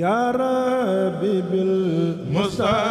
يا ربي بالمصطفى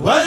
wa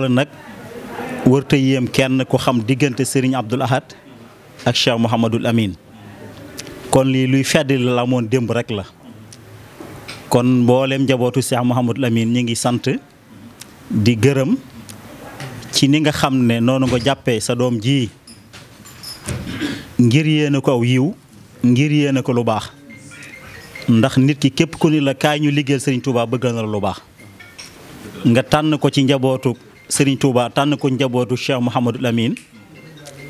loolu nag wërta yéem kenn ku xam diggante sëriñ Abdoul Ahad ak Cheikh Mouhamadul Amin kon lii luy fedd la amoon démb rek la kon mboolem njabootu Cheikh Mouhamadul Amin ñu ngi sant di gërëm ci ni nga xam ne noonu nga jàppee sa doom ji ngir yéene ko aw yiw ngir yéene ko lu baax ndax nit ki képp ku ni la kaay ñu liggéeyal Serigne Touba bëggal na la lu baax nga tànn ko ci njabootu Serigne Touba tànn ko njabootu Cheikh Mouhamadul Amine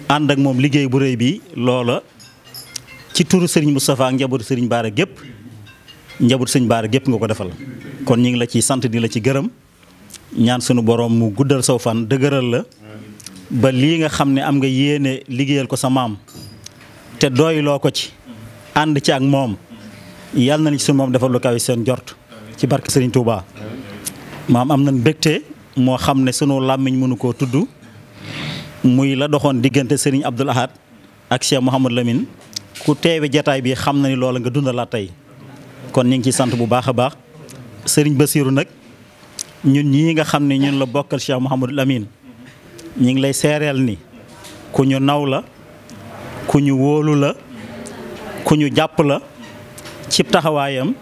ànd ak moom liggéey bu rëy bi loola ci turu sëriñ Moustapha ak njabootu Serigne Baara gépp njabut Serigne Baara gépp nga ko defal kon ñu ngi la ci sant di la ci gërëm ñaan sunu boroom mu guddal saw fan dëgëral la ba lii nga xam ne am nga yéene liggéeyal ko sa maam te doyloo ko ci ànd ci ak moom yàlla na ci sunu moom defal lu kaw seen jort ci bark Serigne Touba maam am nañ mbégte moo xam ne sunu làmmiñ mënu koo tudd muy la doxoon diggante sëriñ Abdoul Ahad ak Cheikh Mouhamadou Lamine ku teewe jataay bii xam na ni loola nga dundalaat tey kon ñu ngi ci sant bu baax a baax Serigne Bassirou nag ñun ñii nga xam ne ñun la bokkal Cheikh Mouhamadou Lamine ñu ngi lay seereel ni ku ñu naw la ku ñu wóolu la ku ñu jàpp la ci taxawaayam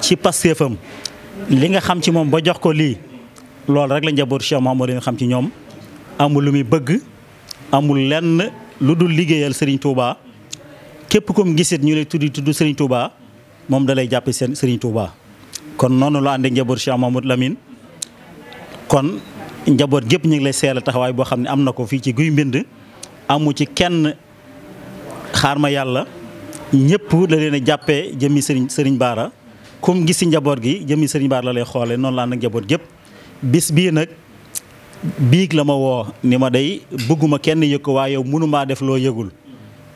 ci pastéefam li nga xam ci moom ba jox ko lii loolu rek la njaboot Cheikh Mouhamadou xam ci ñoom amul lu muy bëgg amul lenn lu dul liggéeyal sëriñ Touba képp comme gisit ñu lay tuddi tudd sëriñ Touba moom dalay lay jàppe seen Serigne Touba. kon noonu la àndee njaboot Cheikh Mouhamadou Lamine kon njaboot gépp ñu ngi lay seela taxawaay boo xam ne am na ko fii ci guy mbind amu ci kenn xaar ma yàlla ñëpp la leen a jàppee jëmmi Serigne sëriñ baara comme gis si njaboot gi jëmmi Serigne Bara la lay xoole noonu la ànd njaboot gépp bis bii nag biig la ma woo ni ma day bëgguma kenn yëg ko waaye yow mënumaa def loo yëgul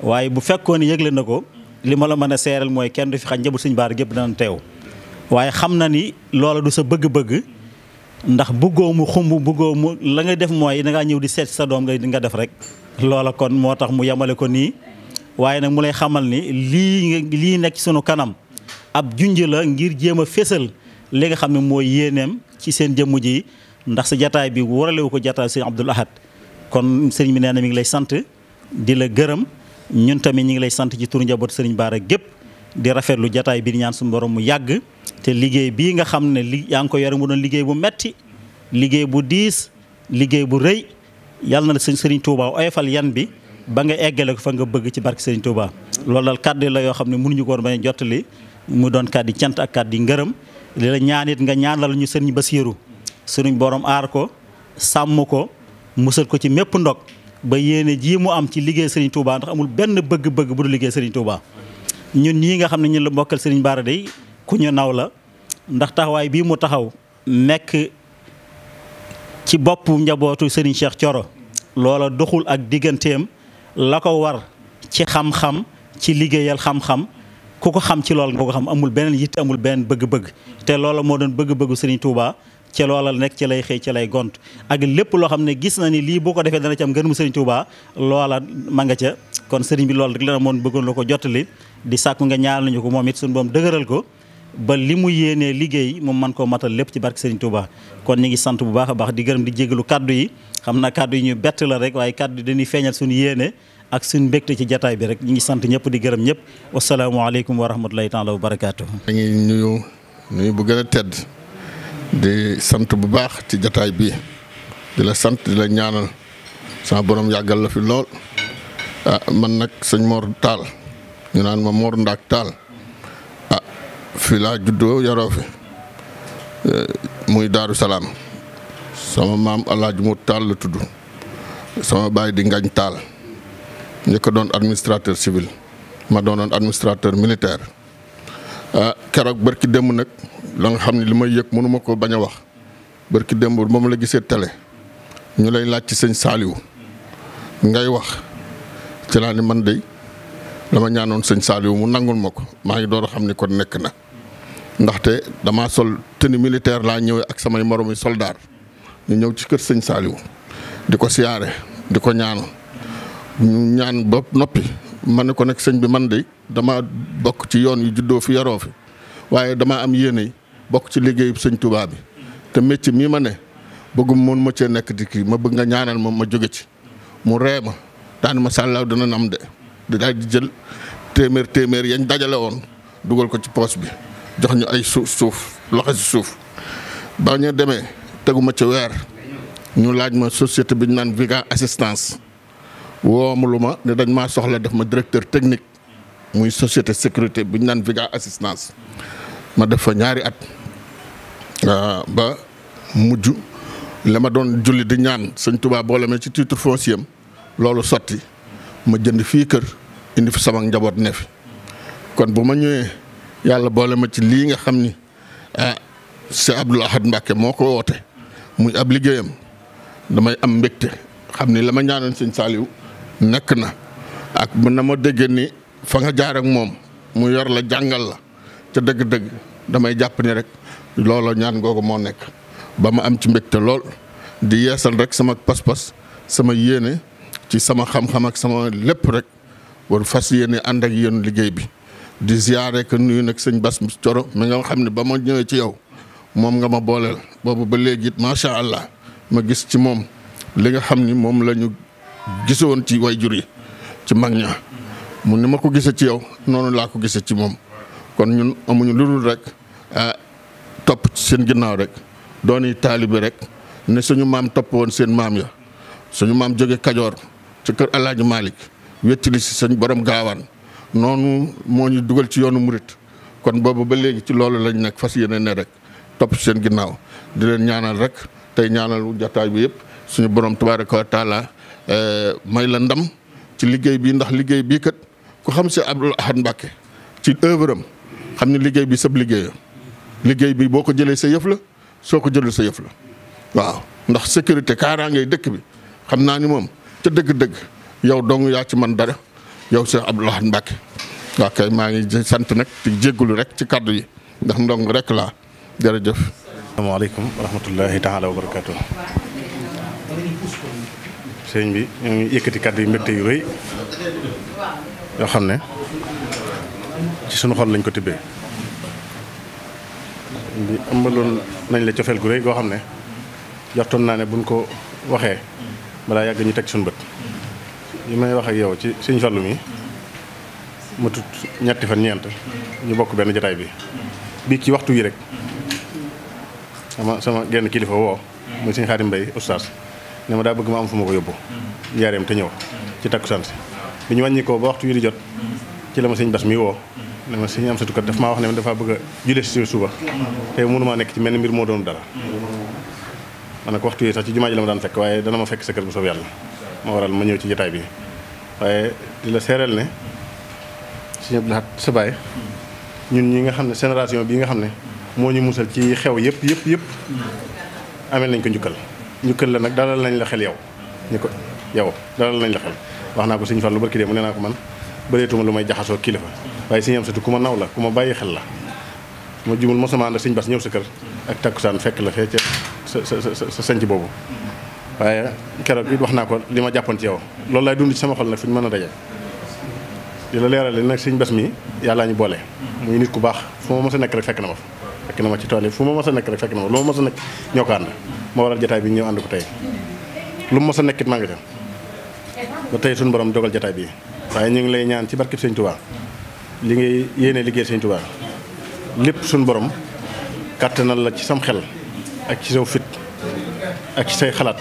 waaye bu fekkoon yëgle na ko li ma la mën a seeral mooy kenn du fi xañ njabul suñu baar gépp dana teew waaye xam na ni loola du sa bëgg-bëgg ndax bëggoo mu xumb bëggoo mu la nga def mooy da ñëw di seet sa doom nga di nga def rek loola kon moo tax mu yemale ko nii waaye nag mu lay xamal ni lii lii nekk ci sunu kanam ab junj la ngir jéem a fésal li nga xam ne mooy yéeneem ci seen jëmm ji ndax sa jataay bi waralewu ko jataay sëñ Abdul Ahad kon sëriñ bi nee na mi ngi lay sant di la gërëm ñun tamit ñu ngi lay sant ci turu njaboot sëriñ Baara gépp di rafetlu jataay bi ñaan su borom mu yàgg te liggéey bii nga xam ne li yaa ngi ko yore mu doon liggéey bu metti liggéey bu diis liggéey bu rëy yàlla na la sëñ sëriñ Touba oyofal yan bi ba nga eggale ko fa nga bëgg ci barke sëriñ Touba. loolu daal kàddu la yoo xam ne mënuñu ko woon bañ mu doon kàddu cant ak kàddu ngërëm li la ñaanit nga ñaanal ñu sëriñ Basiiru suñu borom aar ko sàmm ko musal ko ci mépp ndog ba yéene jii mu am ci liggéey sëriñ Touba ndax amul benn bëgg-bëgg bu du liggéey sëriñ Touba ñun ñii nga xam ne ñun la mbokkal sëriñ Bara day ku ñu naw la ndax taxawaay bii mu taxaw nekk ci bopp njabootu sëriñ Cheikh coro loola doxul ak digganteem la ko war ci xam-xam ci liggéeyal xam-xam ku ko xam ci lool nga ko xam amul beneen yitt amul benn bëgg-bëgg te loola moo doon bëgg bëgg Serigne Touba ci loolal nekk ci lay xëy ci lay gont ak lépp loo xam ne gis na ni lii boo ko defee dana ci am ngërëmu Serigne Touba ma nga ca kon Serigne bi loolu rek la moon bëggoon ko jottali di sàkku nga ñaanal nañu ko moom it suñu boom dëgëral ko ba li mu yéenee liggéey moom man koo matal lépp ci barke Serigne Touba kon ñu ngi sant bu baax a baax di gërëm di jégalu kaddu yi xam na kaddu yi ñu bett la rek waaye kaddu yi dañuy feeñal suñu yéene ak suñ mbégte ci jataay bi rek ñu ngi sant ñëpp di gërëm ñëpp wasalaamaaleykum wa rahmatulahi taala wa barakaatu. ñu ngi nuyu nuyu bu gën a tedd di sant bu baax ci jataay bi di la sant di la ñaanal sama borom yàggal la fi lool ah man nag sëñ Mor taal ñu naan ma Mor Ndaak taal ah fi laa juddoo yaroo fi eh, muy Daaru Salaam sama maam El Hadj Mor Tall la tudd sama baay di Ngañ Tall. njëkk doon administrateur civil ma doonoon administrateur militaire ah keroog barki démb nag la xam ne li may yëg mënuma ko bañ a wax barki démb moom la gisee télé ñu lay laaj ci sëñ Saliou ngay wax ci laa ni man de la ma ñaanoon sëñ Saliou mu nangul ma ko maa ngi door a xam ni kon nekk na ndaxte damaa sol tenue militaire laa ñëwee ak samay moromi soldaar ñu ñëw ci kër sëñ Saliou di ko siyaare di ko ñaanoon ñu ñaan bopp noppi ma ne ko nag sëñ bi man de dama bokk ci yoon yu juddoo fi yoroo fi waaye damaa am yéene bokk ci liggéey liggéeyu sëñ tubaab bi te mécc mii ma ne bëggum moon ma cee nekk di ki ma bëgg nga ñaanal ma ma jóge ci mu ree ma daan ma sàllaaw dina nam de daal di jël téeméer téeméer yañ dajale woon dugal ko ci poose bi jox ñu ay suuf suuf loxo si suuf ba ñu demee teguma ci weer ñu laaj ma société bi ñu naan Viga assistance woo ma lu ma ne dañ maa soxla def ma directeur technique muy société sécurité bu ñu naan Viga assistance ma def fa ñaari at euh, ba mujj la ma doon julli di ñaan sëñ tubaab boole ma ci titre foncier am loolu sotti ma jënd fii kër indi fi sama njaboot ne fi kon bu ma ñëwee yàlla boole ma ci lii nga xam ni ah Cheikh Abdoul Ahad Mbacké moo ko woote muy ab liggéeyam damay am mbégte xam ni la ma ñaanoon sëñ Saliou nekk na ak mën na ma dégg ni fa nga jaar ak moom mu yor la jàngal la ca dëgg-dëgg damay jàpp ni rek looloo ñaan googu moo nekk ba ma am ci mbégte lool di yeesal rek sama pas-pas sama yéene ci sama xam-xam ak sama lépp rek war fas yéene ànd ak yéen liggéey bi di ziare rek nuyu nag sëñ Bass Coro mi nga xam ne ba ma ñëwee ci yow moom nga ma booleel boobu ba léegi it macha allah ma gis ci moom li nga xam ni moom la gise woon ci way jur yi ci mag ña mu ni ma ko gise ci yow noonu laa ko gise ci moom kon ñun amuñu lu dul rek topp ci seen ginnaaw rek dooni taalibe rek ne suñu maam topp woon seen maam ya suñu maam jóge kajoor ci kër alaaji Malick wettili si sëñ borom gaawaan noonu moo ñu dugal ci yoonu murit kon boobu ba léegi ci loolu lañ nekk fas yeneen ne rek topp seen ginnaaw di leen ñaanal rek tey ñaanal jataay bi yëpp suñu borom tabaaraka wa taala Eh, may la ndam ci liggéey bi ndax liggéey bii kat ku xam si ab Ahad Mbacké ci œuvre xam ne liggéey bi sab liggéeyam liggéey bi boo ko jëlee sa yëf la soo ko jëlee sa yëf la waaw ndax sécurité kaaraangey dëkk bi xam naa ni moom ca dëgg-dëgg yow dong yaa ci man dara yow Cheikh Abdoul Ahad Mbacké waaw kay maa ngi sant nag di jéggulu rek ci kàddu yi ndax ndong rek laa jërëjëf. asalaamaaleykum wa rahmatullahi taala wa barakatuh sëñ bi ñu ngi yëkkati kàddu yu mbégte yu rëy yoo xam ne ci sunu xol lañ ko tibbee bi ëmbaloon nañ la cofeel gu rëy goo xam ne jortoon naa ne buñ ko waxee balaa yàgg ñu teg suñu bët yi may wax ak yow ci sëñ Fallu mi ma ñetti fan ñeent ñu bokk benn jataay bi bii ci waxtu yi rek sama sama genn kilifa woo muy sëñ Xaadim Mbay oustaz ne ma daa bëgg ma am fu ma ko yóbbu njaareem te ñëw ci takkusaan si bi ñu wàññi ko ba waxtu wi di jot ci la ma sëñ bas mi woo ne ma sëñ am sa tukkat daf maa wax ne ma dafa bëgg a jullee si suba te mënumaa nekk ci mel ni mbir moo doon dara ma ne ko waxtu yi sax ci jumaa ji la ma daan fekk waaye dana ma fekk sa kër bu soob yàlla ma waral ma ñëw ci jotaay bi waaye di la seereel ne sëñ Abdou Lahad sa baay ñun ñi nga xam ne génération bii nga xam ne moo ñu musal ci xew yëpp yëpp yëpp amel nañ ko njukkal ñu la nag dalal nañ la xel yow ñu ko yow dalal nañ la xel wax naa ko sëñ lu barki dem ne naa ko man bëreetuma lu may jaxasoo kilifa waaye sa Amsatu ku ma naw la ku ma bàyyi xel la ma jumul mosama ànd ak sëñ Bas ñëw sa kër ak takkusaan fekk la fee ca sa sa sa sanc boobu waaye keroog bi wax naa ko li ma jàppoon ci yow loolu laay dund ci sama xol nag fu ñu mën a daje di la leerale nag sëñ Bas mi yàllaa ñu boole muy nit ku baax fu ma mos nekk rek fekk na ma fekk na yi fu ma mos a nekk rek fekk na ma lu ma mos a nekk ñoo ko ànd moo waral jataay bi ñëw ànd ko tey lu mu mos a nekkit maa ngi ca tey suñu borom dogal jataay bi waaye ñu ngi lay ñaan ci barkib sëñ li ngay yéene liggéey sëñ lépp suñu borom kàttanal la ci sam xel ak ci saw fit ak say xalaat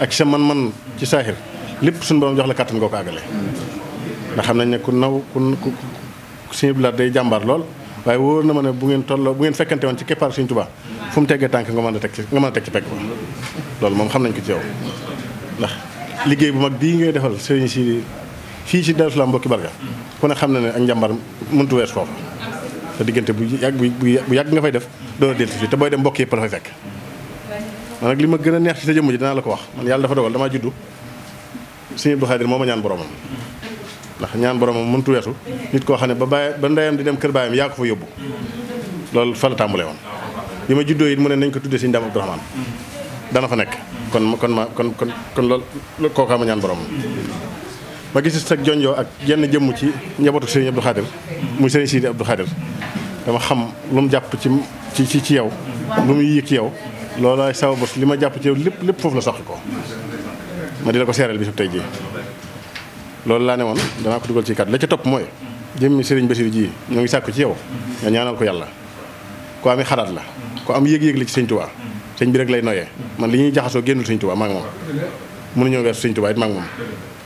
ak ci man-man ci saaxir lépp suñu borom jox la kàttan goo ko àggale ndax xam nañ ne ku naw ku ku day jàmbaar lool waaye wóor na ma ne bu ngeen tolloo bu ngeen fekkante woon ci keppaar Sëriñ Tuubaa fu mu teggee tànk nga mën a teg ci nga mën a teg ci pegg ba loolu moom xam nañ ko ci yow liggéey bu mag bii ngay defal sëriñ si fii ci Darou Salam mbokki barga ku ne xam na ne ak njàmbar mëntu wees foofu te diggante bu yàgg bu yàgg nga fay def doon a dellu te booy dem mbokk yëpp la fay fekk man nag li ma gën a neex ci sa jëmm ji dinaa la ko wax man yàlla dafa dogal damaa juddu sëriñ Abdou Khadir moo ma ñaan boromam ndax ñaan boromam mëntu weesu nit koo xam ne ba bàyyi ba ndeyam di dem kër baayam yaa ko fa yóbbu loolu fa la tàmbalee woon li ma juddoo it mu ne nañ ko tuddee sëñ Daam Abdourahmane dana fa nekk kon ma kon ma kon kon kon loolu kooku ama ñaan boromam ma gis sag jonjoo ak yenn jëmm ci njabootu sëriñ Abdou Khadir muy sëriñ Sidi Abdou Khadir dama xam lu mu jàpp ci ci ci yow lu muy yëg ci yow loolaay saw bos li ma jàpp ci yow lépp lépp foofu la soxla ko ma di la ko tey jii loolu laa ne woon danaa ko dugal ci kat la ca topp mooy jëmmi sëriñ Basiru ji ñu ngi sàkku ci yow nga ñaanal ko yàlla ko ami xalaat la ku am yëg-yëg la ci sëñ Tuubaa sëñ bi rek lay noyee man li ñuy jaxasoo génnul sëñ Tuubaa maa ngi moom mënuñoo weesu sëñ Tuubaa it maa ngi moom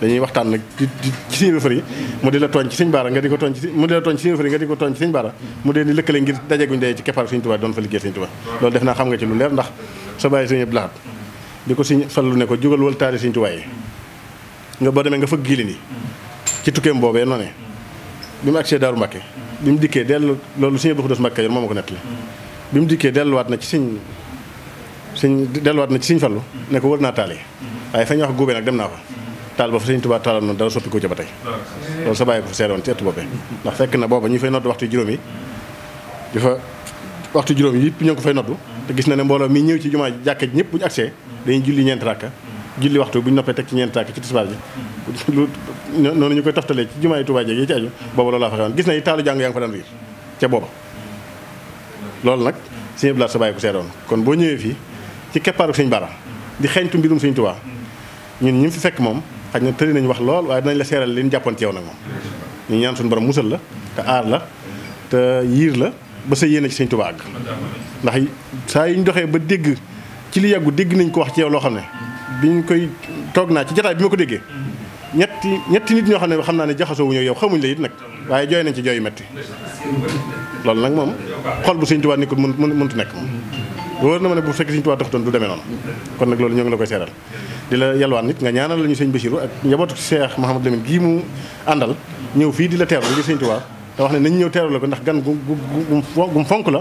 dañuy waxtaan nag ci ci sëñ Fari mu di la tooñ ci sëñ Baara nga di ko tooñ ci mu di la tooñ ci sëñ Fari di ko tooñ ci Baara mu dee di lëkkale ngir dajeguñ dee ci keppaaru sëñ Tuubaa doon fa liggéey sëñ Tuubaa loolu lu leer ko sëñ Fallu ne ko jógal wal nga ba demee nga fëgg gili ni ci tukkeem boobee noonu bi mu agsee Daaru Mbàkke bi mu dikkee dellu loolu sëñ Abdou Khoudoss Mbàkke yor moo ma ko nettali bi mu dikkee delluwaat na ci sëñ sëñ delluwaat na ci sëñ Fallu ne ko wër naa taal yi waaye fa ñu wax góobee nag dem naa fa taal ba fa sëñ Tuubaa taaloon noonu dara soppi ko ba tey loolu sa bàyyi ko fa seeroon ci ëtt boobee ndax fekk na booba ñu fay nodd waxtu juróom yi di fa waxtu juróom yi ñoo ko fay noddu te gis na ne mbooloo mi ñëw ci jumaa jàkka ji ñëpp bu ñu agsee dañuy julli ñeenti julli waxtu bu ñu noppee teg ci ñeenti tàkk ci tisbaar ji noonu ñu koy toftalee ci jumaay Tuubaa jeeg yi ci aju booba loolu laa fa xewoon gis na taalu jàng yaa ngi fa daan riir booba loolu nag sëñ Blaat sa bàyyi ko seedoon kon boo ñëwee fii ci keppaaru sëñ Bara di xeeñtu mbirum sëñ Tuubaa ñun ñi fi fekk moom xaj na tëri nañu wax lool waaye dinañ la seeral li ñu jàppoon ci yow nag moom ñu ñaan suñu borom musal la te aar la te yiir la ba sa yéene ci sëñ Tuubaa àgg ndax saa yu ñu doxee ba dégg ci li yàggu dégg nañ ko wax ci yow loo xam ne bi biñ koy toog naa ci jotaay bi ma ko déggee ñetti ñetti nit ñoo xam ne xam naa ne jaxasoo yow xamuñ la it nag waaye jooy nañ ci jooy yu metti loolu nag moom xool bu Sëñ Tuubaa nekkul mun mënut nekk moom na ma ne bu fekk Sëñ Tuubaa taxutoon du demee noonu kon nag loolu ñoo ngi la koy seeral di la yalwaan nit nga ñaanal la ñu sëñ Bassirou ak njabootu Cheikh Mouhamadou Lamine gii mu àndal ñëw fii di la teeru ngir Sëñ tuwaa te wax ne nañ ñëw teeru la ko ndax gan gu gu gu fonk la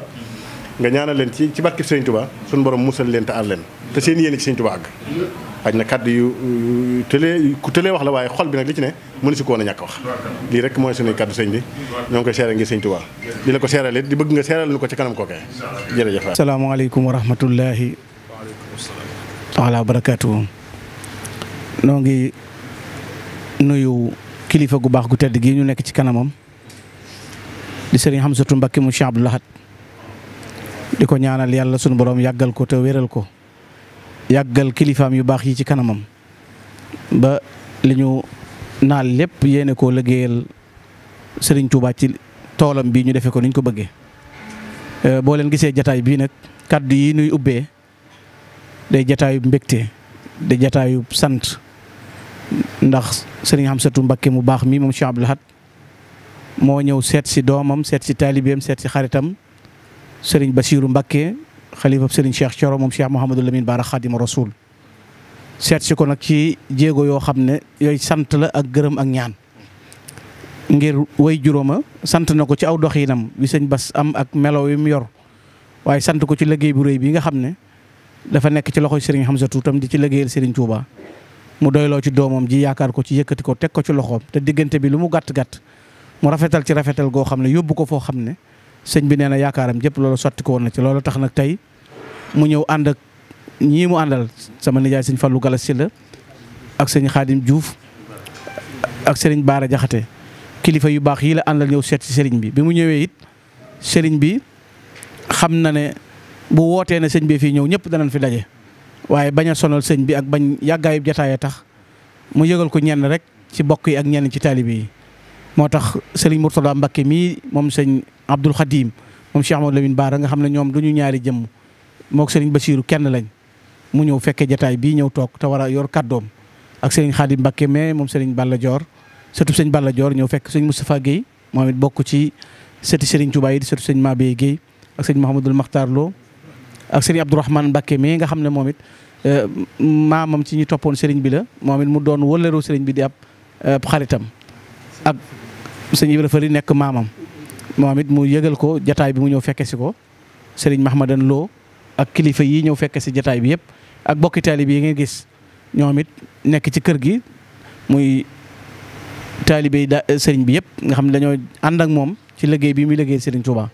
nga ñaanal leen ci ci barkeb Sëriñ Tuubaa suñu borom musal leen te aar leen te seen yéene ci Sëriñ Tuubaa àgg xaj na kàddu yu tëlee ku tëlee wax la waaye xol bi nag li ci ne mënu si ko a ñàkk wax lii rek mooy suñuy kàddu sëñ bi ñoo ngi koy seeral ngir sëñ Tuubaa di la ko seeral it di bëgg nga seeral nu ko ci kanam kookee jërëjëf asalaamaaleykum wa rahmatullahi taala barakaatuhu noo ngi nuyu kilifa gu baax gu tedd gi ñu nekk ci kanamam di sëriñ Hamsatu Mbakke mu Cheikh Abdou di ko ñaanal yàlla sunu borom yàggal ko te wéral ko yàggal kilifaam yu baax yi ci kanamam ba li ñu naal lépp yéene koo liggéeyal sëriñ Touba ci toolam bi ñu defee ko niñ ko bëggee euh, boo leen gisee jataay bii nag kàddu yi nuy ubbee day jataayub mbégte da jataayub sant ndax sëriñ Serigne Hamsatou Mbacké mu baax mii moom Cheikh Abdoul laxat moo ñëw seet si doomam seet si taalibeem seet si xaritam. sëriñ Basiiru Mbakke xalifa sëriñ Cheikh Thioro moom Cheikh Mouhamadou Lamine Bara Xaadimu Rasuul seet si ko nag ci jéego yoo xam ne yooyu sant la ak gërëm ak ñaan ngir way juróoma sant na ko ci aw doxiinam wi sëñ Bas am ak melo yu mu yor waaye sant ko ci liggéey bu réy bi nga xam ne dafa nekk ci loxoy sëriñ Hamsatu tam di ci liggéeyal sëriñ Touba mu doyloo ci doomam ji yaakaar ko ci yëkkati ko teg ko ci loxoom te diggante bi lu mu gàtt gàtt mu rafetal ci rafetal goo xam ne yóbbu ko foo xam ne sëñ bi neena na yaakaaram jëpp loolu sotti ko woon na ci loolu tax nag tey mu ñëw ànd ak ñii mu àndal sama nijaay sëñ Fallou Gala Sylla ak sëñ Xaadim Diouf ak sëriñ Baara Jaxate kilifa yu baax yii la àndal ñëw seet ci sëriñ bi bi mu ñëwee it sëriñ bi xam na ne bu wootee ne sëñ bi fii ñëw ñëpp danañ fi daje waaye bañ a sëñ bi ak bañ yàggaayu jataaya tax mu yëgal ko ñenn rek ci bokk yi ak ñenn ci taalibe yi moo tax sëriñ Mourtada Mbacké mii moom sëñ Abdoul Khadim moom Cheikh Amadou Lamine Bara nga xam ne ñoom du ñaari jëmm moog sëriñ Bassirou kenn lañ mu ñëw fekkee jataay bii ñëw toog te war a yor kàddoom ak sëriñ Khadim Mbacké mais moom sëriñ Balla Dior surtout sëñ Balla ñëw fekk sëñ Moustapha Guèye moom it bokk ci sëti sëriñ Touba yi di sëñ Mabé Guèye ak sëñ Mouhamadul Makhtar Lo ak sëriñ Abdourahmane Mbacké mais nga xam ne moomit it euh, maamam ci ñu toppoon sëriñ bi la moom it mu doon wëlleeru sëriñ bi di ab euh, xaritam sëñ Ibra Fari nekk maamam moom it mu yëgal ko jataay bi mu ñëw fekke si ko sëriñ Mahmadan loo ak kilifa yi ñëw fekke si jataay bi yëpp ak bokki taalib yi ngeen gis ñoom it nekk ci kër gi muy taalibe da sëriñ bi yëpp nga xam dañoo ànd ak moom ci liggéey bi muy liggéey sëriñ Touba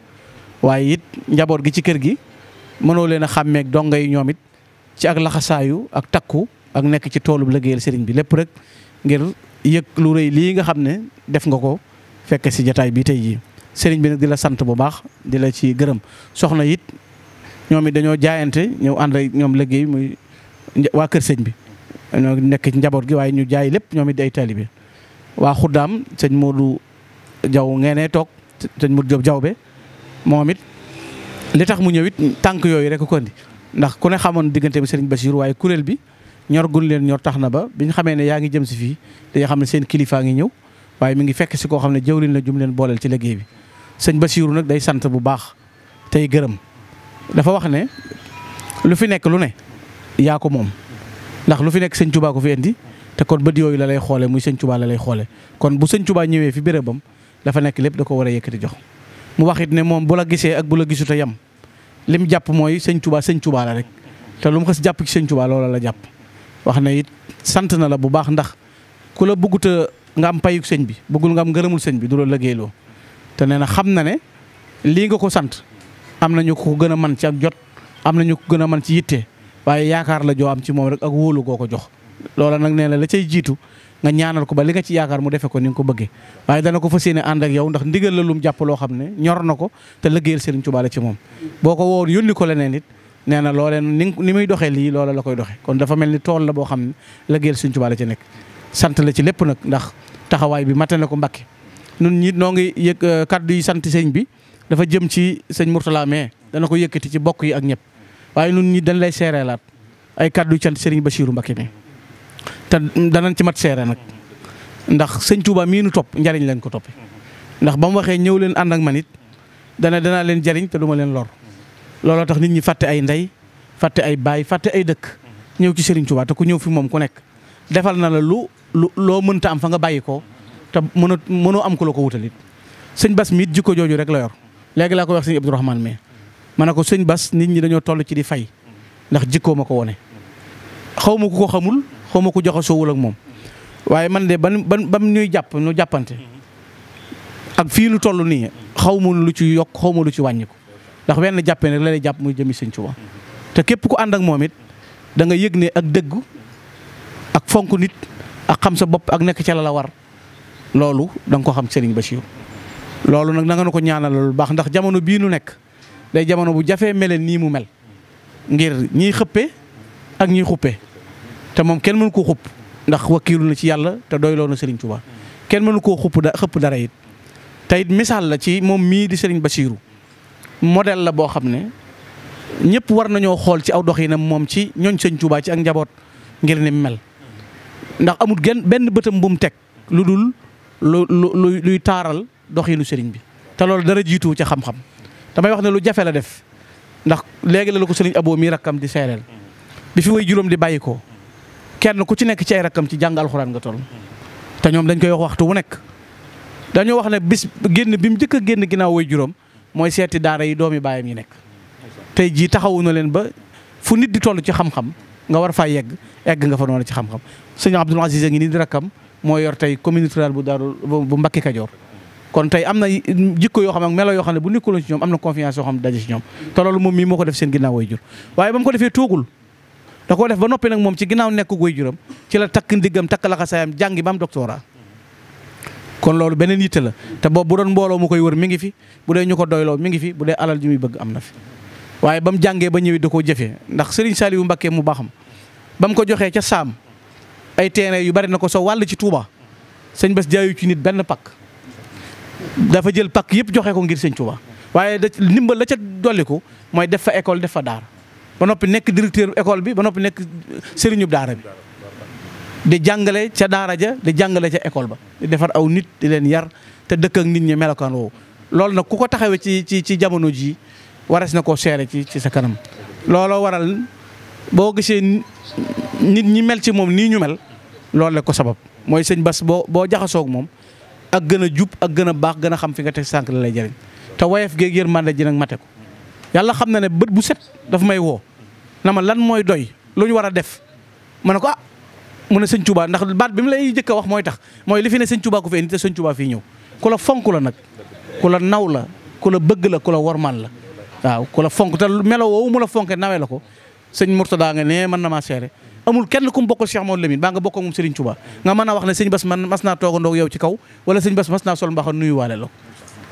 waaye it njaboot gi ci kër gi mënoo leen a xàmmeeg yi ñoom it ci ak laxasaayu ak takku ak nekk ci toolub liggéeyal sëriñ bi lépp rek ngir yëg lu rëy lii nga xam ne def nga ko fekke si jataay bi tey jii sëriñ bi nag di la sant bu baax di la ci gërëm soxna it ñoom it dañoo jaayante ñëw ànd ak ñoom liggéey muy waa sëñ bi. ñoo nekk ci njaboot gi waaye ñu jaay lépp ñoom it ay taalibe waa xuddaam sëñ Modou Jaw ngeenee toog sëñ Modou Diop Jaw be moom it li tax mu ñëw it tànk yooyu rek ko andi ndax ku ne xamoon diggante bi sëriñ Bachir waaye kuréel bi ñor gun leen ñor tax na ba biñ xamee ne yaa ngi jëm si fii dañ xam ne seen kilifaa ngi ñëw. waaye mi ngi fekk si koo xam ne jëwriñ la jum leen booleel ci liggéey bi sëñ Basiiru nag day sant bu baax tey gërëm dafa wax ne lu fi nekk lu ne yaa ko moom ndax lu fi nekk sëñ Tuubaa ko fi indi te kon bët yooyu la lay xoole muy sëñ Tuubaa la lay xoole kon bu sëñ Tuubaa ñëwee fi bérébam dafa nekk lépp da ko war a yëkkati jox mu wax it ne moom bu la gisee ak bu la gisut a yem lim jàpp mooy sëñ Tuubaa sëñ Tuubaa la rek te lu mu xas jàpp ci sëñ Tuubaa loola la jàpp wax na it sant na la bu baax ndax nga am payuk sëñ bi bëggul nga am ngërëmul sëñ bi du la liggéeyloo te nee na xam na ne lii nga ko sant am na ñu ko gën a man ci ak jot am na ñu ko gën a man ci yitte waaye yaakaar la joo am ci moom rek ak wóolu goo ko jox loola nag nee na la cay jiitu nga ñaanal ko ba li nga ci yaakaar mu defee ko ni nga ko bëggee waaye dana ko fas yéene ànd ak yow ndax ndigal la lum jàpp loo xam ne ñor na ko te liggéeyal Serigne Touba la ci moom boo ko woon yónni ko leneen it nee na loolee ni ni muy doxee lii loola la koy doxee kon dafa mel ni tool la boo xam ne liggéeyal Serigne Touba la ci nekk sant la ci lépp nag ndax taxawaay bi mate ko Mbàkke nun ñi noo ngi yëg euh, kaddu yi sant sëñ bi dafa jëm ci sëñ Mourtala mais dana ko yëkkati ci bokk yi ak ñëpp waaye nun ñi dañ lay seereelaat ay kaddu yu sant sëriñ Bachirou Mbàkke mi te danañ ci mat seere nag ndax sëñ Touba mii nu topp njariñ leen ko toppe ndax ba mu waxee ñëw leen ànd ak man it dana danaa leen jariñ te du ma leen lor looloo tax nit ñi fàtte ay ndey fàtte ay baay fàtte ay dëkk ñëw ci sëriñ Touba te ku nekk defal na la lu lu loo mënta am fa nga bàyyi ko te mënoo mënoo am ku la ko wutalit sëñ bas mi it jikko jooju rek la yor léegi laa ko wax sëñ Abdourahmane mais ma ne ko sëñ bas nit ñi dañoo toll ci di fay ndax jikkoo ko wone xaw ma ku ko xamul xaw ma ku joxe soowul ak moom waaye man de ba ban bam ñuy jàpp ñu jàppante ak fii lu toll nii xaw ma lu ci yokk xaw ma lu ci wàññiku ndax wenn jàppee rek la lay jàpp muy jëmi sëñ Tuubaa te képp ku ànd ak moom it da nga yëg ne ak dëgg ak fonk nit ak xam sa bopp ak nekk ca la war loolu da nga ko xam sëriñ Bachir loolu nag na nga ko ñaanal loolu baax ndax jamono bii nu nekk day jamono bu jafee melen nii mu mel ngir ñiy xëppe ak ñiy xuppe te moom kenn mënu koo xupp ndax wakiilu na ci yàlla te doyloo na Serigne Touba kenn mënu koo xupp da xëpp dara it te it misaal la ci moom mii di sëriñ Bassirou model la boo xam ne ñëpp war nañoo xool ci aw doxinam moom ci ñoñ Serigne Touba ci ak njaboot ndax amul genn benn bëtam bu mu teg lu dul lu lu luy taaral doxinu sëriñ bi te loolu dara jiitu ci xam-xam damay wax ne lu jafe la def ndax léegi la la ko sëriñ aboo mii rakkam di seereel bi fi way juróom di bàyyi ko kenn ku ci nekk ci ay rakkam ci jàng alxuraan nga toll te ñoom dañ koy wax waxtu wu nekk dañoo wax ne bis génn bi mu njëkk a génn ginnaaw way juróom mooy seeti daara yi doomi baayam yi nekk tey jii taxawu na leen ba fu nit di toll ci xam-xam nga war faa yegg egg nga fa noonu ci xam-xam sëñ Abdoul Aziz a ngi nii di rakkam moo yor tey commune rurale bu Daaru bu Mbacke Kajoor kon tey am na jikko yoo xam ne ak melo yoo xam ne bu nekkuloon ci ñoom am na confiance xam daje ci ñoom te loolu moom mii moo ko def seen ginnaaw way jur waaye ba mu ko defee toogul da koo def ba noppi nag moom ci ginnaaw nekk way juram ci la takk ndiggam takk laxasaayam jàngi ba am doctorat kon loolu beneen yitte la te boobu bu doon mbooloo mu mi ngi fi bu dee ñu bu dee alal ju muy waaye ba mu jàngee ba ñëwee da koo jëfee ndax Serigne Saliou Mbacké mu baaxam ba mu ko joxee ca saam ay terrain yu bari na ko so wàll ci Touba sëñ Bass jaayu ci nit benn pakk dafa jël pakk yëpp joxe ko ngir sëñ Touba waaye da ndimbal la ca dolliku mooy def fa école def fa daara ba noppi nekk directeur école bi ba noppi nekk sëriñu daara bi. di jàngale ca daara ja di jàngale ca école ba di defar aw nit di leen yar te dëkk nit ñi melokaan woowu loolu nag ku ko taxawee ci ci ci jamono jii. warees na koo seere ci ci sa kanam looloo waral boo gisee nit ñi mel ci moom nii ñu mel loolu la ko sabab mooy sëñ bas boo boo jaxasoog moom ak gën a jub ak gën a baax gën a xam fi nga teg sànq la lay jëriñ te woyef geeg yërmande ji nag mate ko yàlla xam na ne bët bu set dafa may woo na ma lan mooy doy lu ñu war a def ma ne ko ah mu ne sëñ Touba ndax baat bi mu lay jëkk a wax mooy tax mooy li fi ne sëñ Touba ku fi indi te sëñ Touba fii ñëw ku la fonk la nag ku la naw la ku la bëgg la ku la wormaal la waaw ku la fonk te melo woowu mu la fonke nawee la ko sëñ Mourtada nga ne mën na maa seere amul kenn ku bokk Cheikh Maodo Lamine baa nga bokk moom Serigne Touba nga mën a wax ne sëñ Bass man mas naa toogandoo yow ci kaw wala sëñ Bass mas naa sol mbaxal nuyuwaale la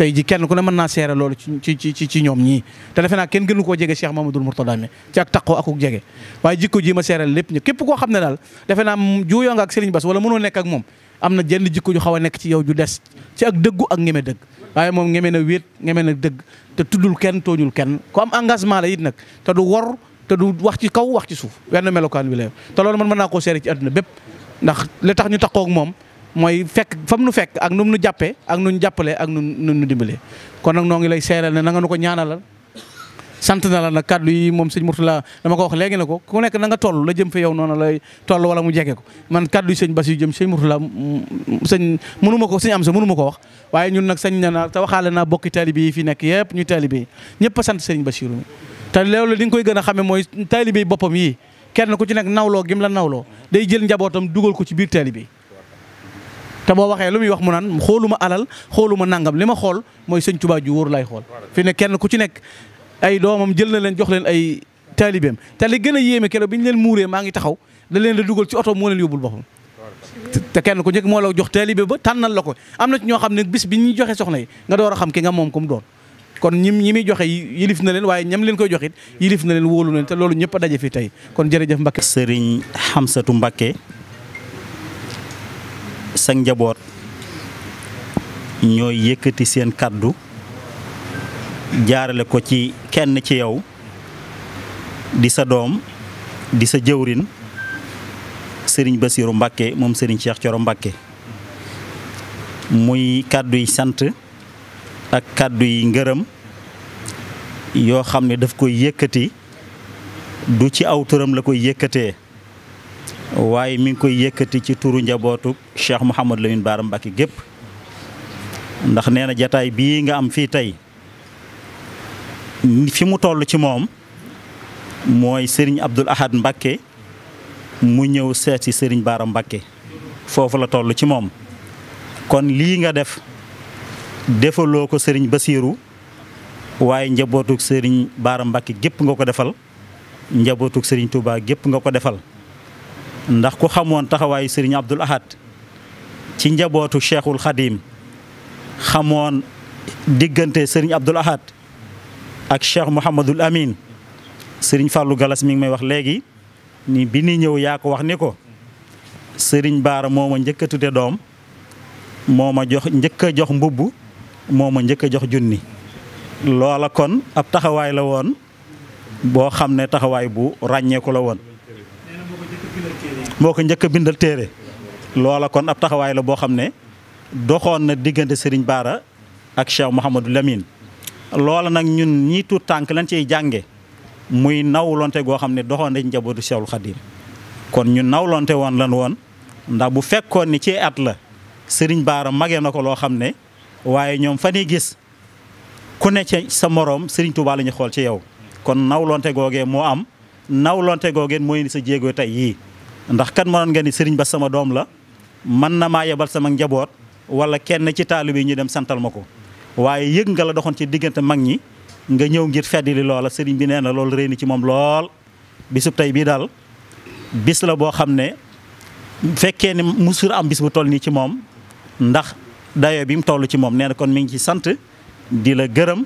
ji kenn ku ne mën naa seere loolu ci ci ci ci ñoom ñii te defe kenn gënu koo jege Cheikh Mamadou Mourtada mi ci ak taqoo akuk jege waaye jikko ji ma seeral lépp ñu képp koo xam ne daal defe naa juuyoo ak Serigne bas wala mënoo nekk ak moom am na jenn jikko ju xaw a nekk ci yow ju des ci ak dëggu ak ngeme dëgg waaye moom ñeme na wéet ñeme na dëgg te tuddul kenn tooñul kenn ku am engagement la it nag te du wor te du wax ci kaw wax ci suuf wenn melokaan wi la te loolu man mën naa koo seere ci àdduna bépp ndax li tax ñu takkoog moom mooy fekk fam nu fekk ak nu mu nu jàppee ak nu ñu jàppalee ak nu nu dimbalee kon nag noo ngi lay seeral ne na nga nu ko ñaanalal sant na la nag kàddu yi moom sëñ Mourtala dama ko wax léegi na ko ku nekk na nga toll la jëm fa yow noonu lay toll wala mu jege ko man kàddu yi sëñ Bass yu jëm sëñ Mourtala sëñ mënu ma ko sëñ am sa mënu ko wax waaye ñun nag sañ na naa te waxaale naa bokki taalibe yi fi nekk yëpp ñu taalibe yi ñëpp sant sëñ Bassirou te loolu li nga koy gën a xamee mooy taalibe yi boppam yi kenn ku ci nekk nawloo gim la nawloo day jël njabootam dugal ko ci biir taalibe yi te boo waxee lu muy wax mu naan xooluma alal xooluma nangam li ma xool mooy sëñ Tuubaa ju wóor lay xool ay doomam jël na leen jox leen ay taalibeem te li gën a yéeme keroog bi ñu leen muuree maa ngi taxaw da leen da dugal ci oto moo leen yóbbul boppam te kenn ku njëkk moo la jox taalibe ba tànnal la ko am na ci ñoo xam ne bis bi ñuy joxee soxna yi nga door a xam ki nga moom ku mu doon kon ñim ñi muy joxe yilif na leen waaye ñam leen koy joxit yilif na leen wóolu leen te loolu ñëpp a daje fi tey kon jërëjëf Mbacke sëriñ Xamsatu Mbacke sa njaboot ñoo yëkkati seen kaddu jaarale ko ci kenn ci yow di sa doom di sa jëwrin sëriñ Basiiru Mbàkke moom sëriñ Cheikh Thioro Mbàkke muy kàddu yi sant ak kàddu yi ngërëm yoo xam ne daf koy yëkkati du ci aw turam la koy yëkkatee waaye mu ngi koy yëkkati ci turu njabootu Cheikh Mouhamadou Lamine Bara Mbàkke gépp ndax nee jataay bii nga am fii tey fi mu toll ci moom mooy sëriñ Abdoul Ahad Mbacké mu ñëw seet sëriñ Serigne Bara foofu la toll ci moom kon lii nga def defaloo ko Serigne Bassirou waaye njabootuk Serigne Bara Mbacké gépp nga ko defal njabootuk sëriñ Touba gépp nga ko defal ndax ku xamoon taxawaayu sëriñ Abdoul Ahad ci njabootu Cheikhul Khadim xamoon diggante sëriñ Abdoul Ahad ak Cheikh Mouhamadul Amin sëriñ Fallou Galas mi ngi may wax léegi ni bi ni ñëw yaa ko wax ni ko sëriñ Baara moo ma njëkk a tudde doom moo ma jox njëkk a jox mbubb moo ma njëkk a jox junni. loola kon ab taxawaay la woon boo xam ne taxawaay bu ràññeeku la woon. moo ko njëkk a bindal téere loola kon ab taxawaay la boo xam ne doxoon na diggante sëriñ Baara ak Cheikh Mouhamadul Amin loola nag ñun ñii tuut tànk lañ ciy jànge muy nawlonte goo xam ne doxoon nañ njabootu Cheikhul Khadim kon ñu nawlonte woon lan woon ndax bu fekkoon ni ci at la sëriñ Baara magee na ko loo xam ne waaye ñoom fa ni gis ku ne ci sa moroom sëriñ Touba la ñu xool ci yow kon nawlonte googee moo am nawlonte googeen mooy ni sa jéego tey yii ndax kat mënoon nga ni sëriñ ba sama doom la mën na maa yebal sama njaboot wala kenn ci taalibe yi ñu dem santal ma ko waaye yëg nga la doxoon ci diggante mag ñi nga ñëw ngir feddali loola sëriñ bi nee na loolu réy na ci moom lool bisub tey bii daal bis la boo xam ne fekkee ne musul am bis bu toll nii ci moom ndax dayo bi mu toll ci moom nee na kon mi ngi ci sant di la gërëm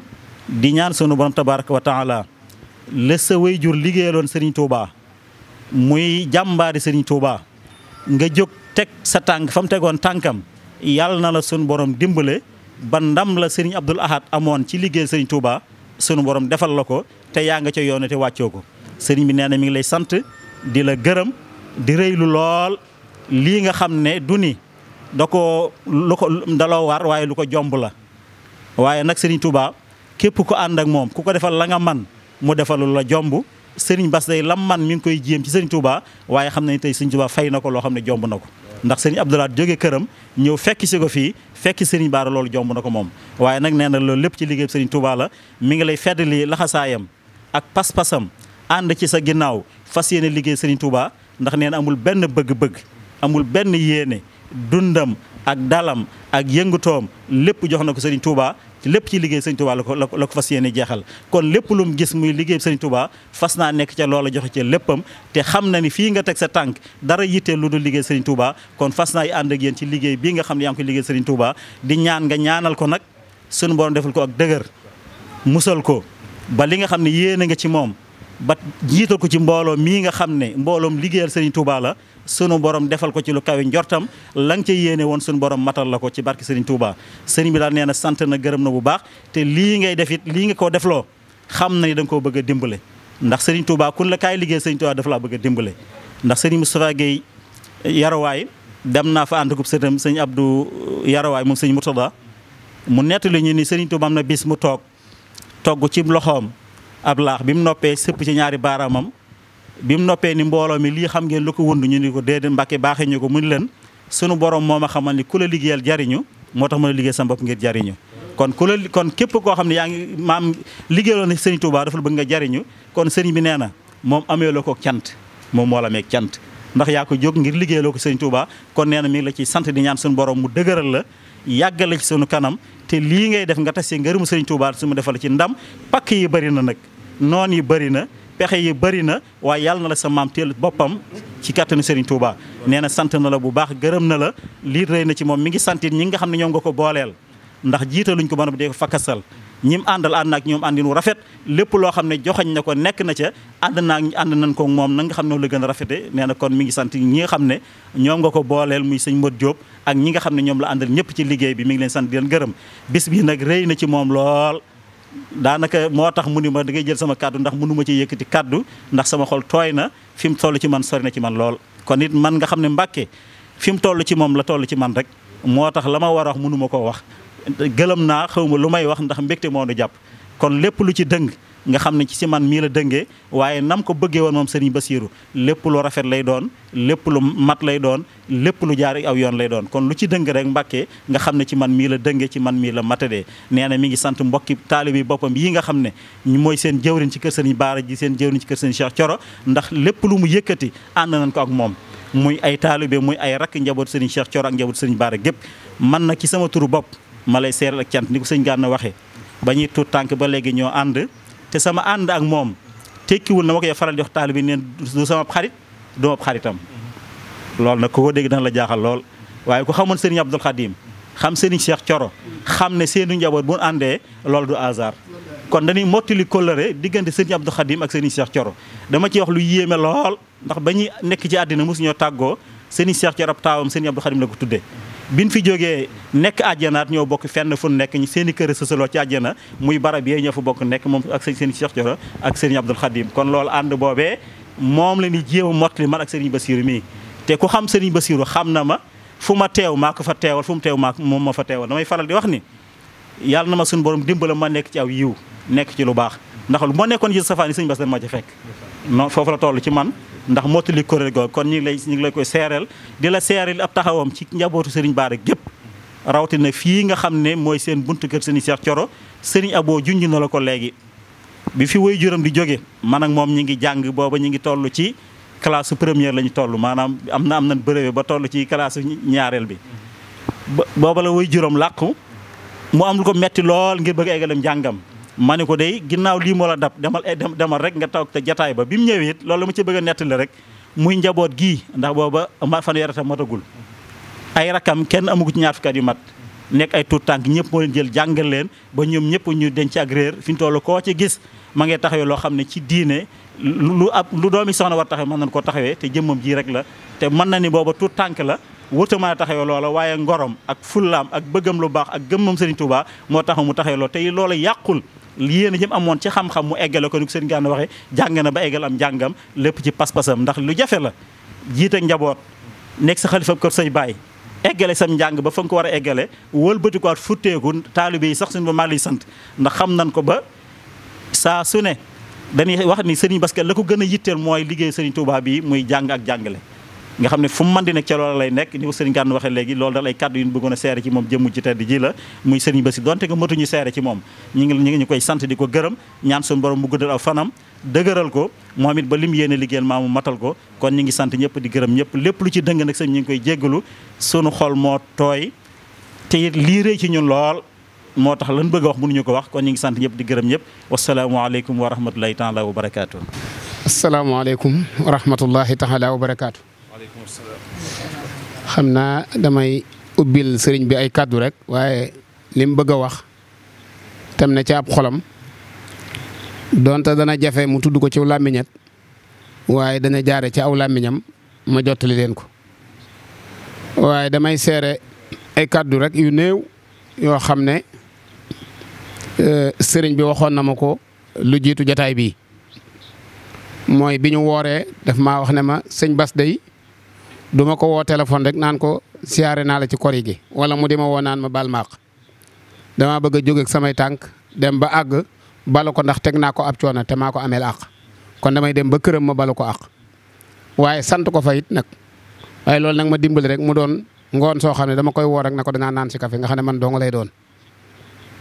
di ñaan sunu borom tabaraka wa taala la sa way jur liggéeyaloon sëriñ Touba muy jàmbaari sëriñ Touba nga jóg teg sa tànk fa mu tegoon tànkam yàlla na la sunu borom dimbale ba ndam la sëriñ Abdul Ahad amoon ci liggéey sëriñ Touba sunu borom defal la ko te yaa nga ca yoon te wàccoo ko sëriñ bi nee na mi ngi lay sant di la gërëm di rëylu lool lii nga xam ne du ni da ko lu ko daloo war waaye lu ko jomb la waaye nag sëriñ Touba képp ku ànd ak moom ku ko defal la nga man mu defalul la jomb sëriñ bas day lam man mi ngi koy jéem ci sëriñ Touba waaye xam nañ tey sëriñ Touba fay na ko loo xam ne jomb na ko ndax sëriñ Abdoulaat jóge këram ñëw fekk si ko fii fekk sëriñ Baara loolu jomb na ko moom waaye nag nee na loolu lépp ci liggéey sëriñ Touba la mi ngi lay feddali laxasaayam ak pas-pasam ànd ci sa ginnaaw fas yéene liggéey sëriñ Touba ndax nee na amul benn bëgg-bëgg amul benn yéene dundam ak dalam ak yëngutoom lépp jox na ko sëriñ Touba lépp ci liggéey sëñ Touba la ko la ko fas yéene jeexal kon lépp lu mu gis muy liggéey sëñ Touba fas naa nekk ca loola joxe ca léppam te xam na ni fii nga teg sa tànk dara yittee lu dul liggéey sëñ Touba kon fas naa ànd ak yéen ci liggéey bii nga xam ne yaa ngi koy di ñaan nga ñaanal ko nag sunu borom defal ko ak musal ko ba li nga xam ne yéene nga ci moom ba jiital ko ci mbooloo mii nga xam ne mbooloom liggéeyal sëñ Touba la sunu borom defal ko ci lu kawe njortam la nga ca yéene woon sunu borom matal la ko ci barke Serigne Touba sëriñ bi daal nee na sant na gërëm na bu baax te lii ngay def it lii nga koo defloo xam na ni da nga koo bëgg a dimbale. ndax Serigne Touba kun la kaay liggéey Serigne Touba dafa laa bëgg dimbale ndax Serigne Moustapha Guèye yarawaay dem naa fa ànd ko sëtam sëñ Abdou yarawaay moom sëñ Murtada mu nettali ñu ni Serigne Touba am na bis mu toog togg ci loxoom ab laax bi mu noppee sëpp ci ñaari baaraamam. bi mu noppee ni mbooloo mi lii xam ngeen lu ko wund ñu ni ko déedéet Mbàkke baaxee ñu ko mu ni leen sunu borom moo ma xamal ni ku la liggéeyal jariñu moo tax mën a liggéey sa bopp ngir jariñu kon ku la kon képp koo xam ne yaa ngi maam liggéeyaloon na sëriñ Touba dafa la bëgg nga jariñu kon sëriñ bi nee na moom amee la ko cant moom moo la meeg cant ndax yaa ko jóg ngir liggéeyaloo ko sëriñ Touba kon nee na mi ngi la ciy sant di ñaan suñu borom mu dëgëral la yàggale la ci sunu kanam te lii ngay def nga tasee ngërëmu sëriñ Touba su mu defal ci ndam pakk yi bëri na nag noon yi bëri na pexe yi bëri na waaye yàlla na la sa maam teel boppam ci kattanu Serigne Touba nee na sant na la bu baax gërëm na la lii rëy na ci moom mi ngi santit ñi nga xam ne ñoom nga ko booleel ndax jiitaluñ ko mën a dee ko fakkasal ñim àndal ànd naak ñoom àndin wu rafet lépp loo xam ne joxañ na ko nekk na ca ànd naak ànd nañ ko moom na nga xam ne la gën a rafete nee na kon mi ngi sant ñi nga xam ne ñoom nga ko booleel muy sëñ mët Diop ak ñi nga xam ne ñoom la àndal ñëpp ci liggéey bi mi ngi leen sant di leen gërëm bis bi nag rëy na ci moom lool daanaka moo tax mu ni ma da ngay jël sama kàddu ndax mënuma ci yëkkati kàddu ndax sama xol tooy na fi mu toll ci man sori na ci man lool kon it man nga xam ne Mbàkke fi mu toll ci moom la toll ci man rek moo tax la ma war a wax mënuma koo wax gëlëm naa ma lu may wax ndax mbégte moo nu jàpp kon lépp lu ci dëng nga xam ne ci si man mii la dëngee waaye nam ko bëggee woon moom sëriñ Basiiru lépp lu rafet lay doon lépp lu mat lay doon lépp lu jaar aw yoon lay doon kon lu ci dëng rek Mbàkke nga xam ne ci man mii la dëngee ci man mii la matadee nee na mi ngi sant mbokki taalibi boppam yi nga xam ne mooy seen jëwriñ ci kër sëriñ Baara ji seen jëwriñ ci kër sëriñ Cheikh Thioro ndax lépp lu mu yëkkati ànd nañ ko ak moom muy ay taalibe muy ay rakk njaboot sëriñ Cheikh Thioro ak njaboot sëriñ Baara gépp man na ci sama turu bopp ma lay seeral ni ko sëñ Gànna waxee ba ñuy tuut tànk ba léegi ñoo ànd te sama ànd ak moom tekkiwul na ma koy faral jox taalibe neen du sama xarit du ma xaritam loolu nag ku ko dégg dana la jaaxal lool waaye ku xamoon Serigne Abdoul Khadim xam Serigne Cheikh coro xam ne seenu njaboot bu àndee loolu du hasard kon dañuy mottali kóllëre diggante Serigne Abdoul Khadim ak Serigne Cheikh coro dama ci wax lu yéeme lool ndax ba ñuy nekk ci àddina mosu ñoo tàggoo Serigne Cheikh Thioro ab taawam Serigne Abdoul Khadim la ko tuddee bi biñ fi jógee nekk àjjanaat ñoo bokk fenn fu nekk ñu seen i kër sësaloo ci àjjana muy barab yee ñoo fa bokk nekk moom ak sëñ seen Cheikh Thioro ak sëñ Abdoul Khadim kon loolu ànd boobee moom la ñuy jéem a mottali man ak sëriñ Basiru mii te ku xam sëriñ Basiru xam na ma fu ma teew maa ko fa teewal fu mu teew maak moom ma fa teewal damay faral di wax ni yàlla na ma suñu borom dimbala ma nekk ci aw yiw nekk ci lu baax ndax lu ma nekkoon ci safaan yi sëñ Bas ma ca fekk non foofu la toll ci man ndax mottali kuréel googu kon ñu ngi lay ñu ngi lay koy seereel di la seereel ab taxawam ci njabootu Serigne Bara gépp rawatina fii nga xam ne mooy seen buntu kër Serigne Cheikh Thioro Serigne Abo junj na la ko léegi. bi fi woy juram di jóge man ak moom ñu ngi jàng booba ñu ngi toll ci classe première la ñu toll maanaam am na am nañ brevet ba toll ci classe ñaareel bi. booba la woy juróom làqu mu am lu ko metti lool ngir bëgg a eggalam jàngam ma ne ko dey ginnaaw lii moo la dab demal eh, demal rek nga taw te jataay ba bi mu ñëwee loolu la ma ci bëgg nettale rek muy njaboot gii ndax booba ma fanweer itam matagul ay rakam kenn amugu ci ñaar fukki yu mat nekk ay tuut tànk ñëpp moo jël jàngal leen ba ñoom ñëpp ñu denc ak réer fi ñu toll koo ci gis ma ngay taxawee loo xam ne ci diine lu ab lu doomi soxna war taxawee mën nañ koo taxawee te jëmmam jii rek la te mën na ni booba tuut tànk la wërta mën a loola waaye ngorom ak fullaam ak bëggam lu baax ak gëmmam Sëriñ Tuubaa moo tax mu taxawee loola tey loola yàqul yéen a jëm amoon ci xam-xam mu eggale ko ni ko sëñ Gana waxee jàng na ba eggal am jàngam lépp ci pas-pasam ndax lu jafe la jiite njaboot nekk sa xalifa kër say baay eggale sam njàng ba fa nga ko war a eggale wëlbatikuwaat futteeku taalibe yi sax suñu ba maa sant ndax xam nan ko ba saa su ne dañuy wax ni sëriñ parce que la ko gën a yitteel mooy liggéey sëriñ tubaab yi muy jàng ak jàngale nga xam ne fu mu mën di nekk ca loola lay nekk ni ko sëriñ Gànn waxee léegi loolu dal ay kàddu yu ñu bëggoon a seere ci moom jëmm ji tedd ji la muy sëriñ Bassirou donte nga matuñu seere ci moom ñu ngi koy sant di ko gërëm ñaan suñu borom mu guddal ko moom it ba lim yéene liggéeyal maamu matal ko kon ñu ngi sant ñëpp di gërëm ñëpp lépp lu ci dëng nag sëñ ñu ngi koy jéggalu sunu xol moo tooy te it lii rëy ci ñun lool moo tax lan bëgg a wax mënuñu ko wax kon ñu ngi sant ñëpp di gërëm ñëpp wasalaamaaleykum wa rahmatulahi taala wa barakaatu asalaamaaleykum wa rahmatullahi taala wa barakaatu xam naa damay ubbil sëriñ bi ay kàddu rek waaye li mu bëgg a wax tam ne ci ab xolam donte dana jafe mu tudd ko ci làmmiñat waaye dana jaare ci aw làmmiñam ma jottali leen ko waaye damay seere ay kàddu rek yu néew yoo xam ne e, sëriñ bi waxoon na ma ko lu jiitu jataay bii mooy bi ñu wooree daf ma wax ne ma sëñ Bas dey du ma ko woo téléphone rek naan ko siyaare naa la ci kori gi wala mu di ma woo naan ma bal maaq damaa bëgg a jóg samay tànk dem ba àgg balu ko ndax teg naa ko ab coono te maa ko ameel àq kon damay dem ba këram ma balu ko àq waaye sant ko fayit nag waaye loolu nag ma dimbali rek mu doon ngoon soo xam ne dama koy woo rek na ko danaa naan si kafe nga xam ne man dong lay doon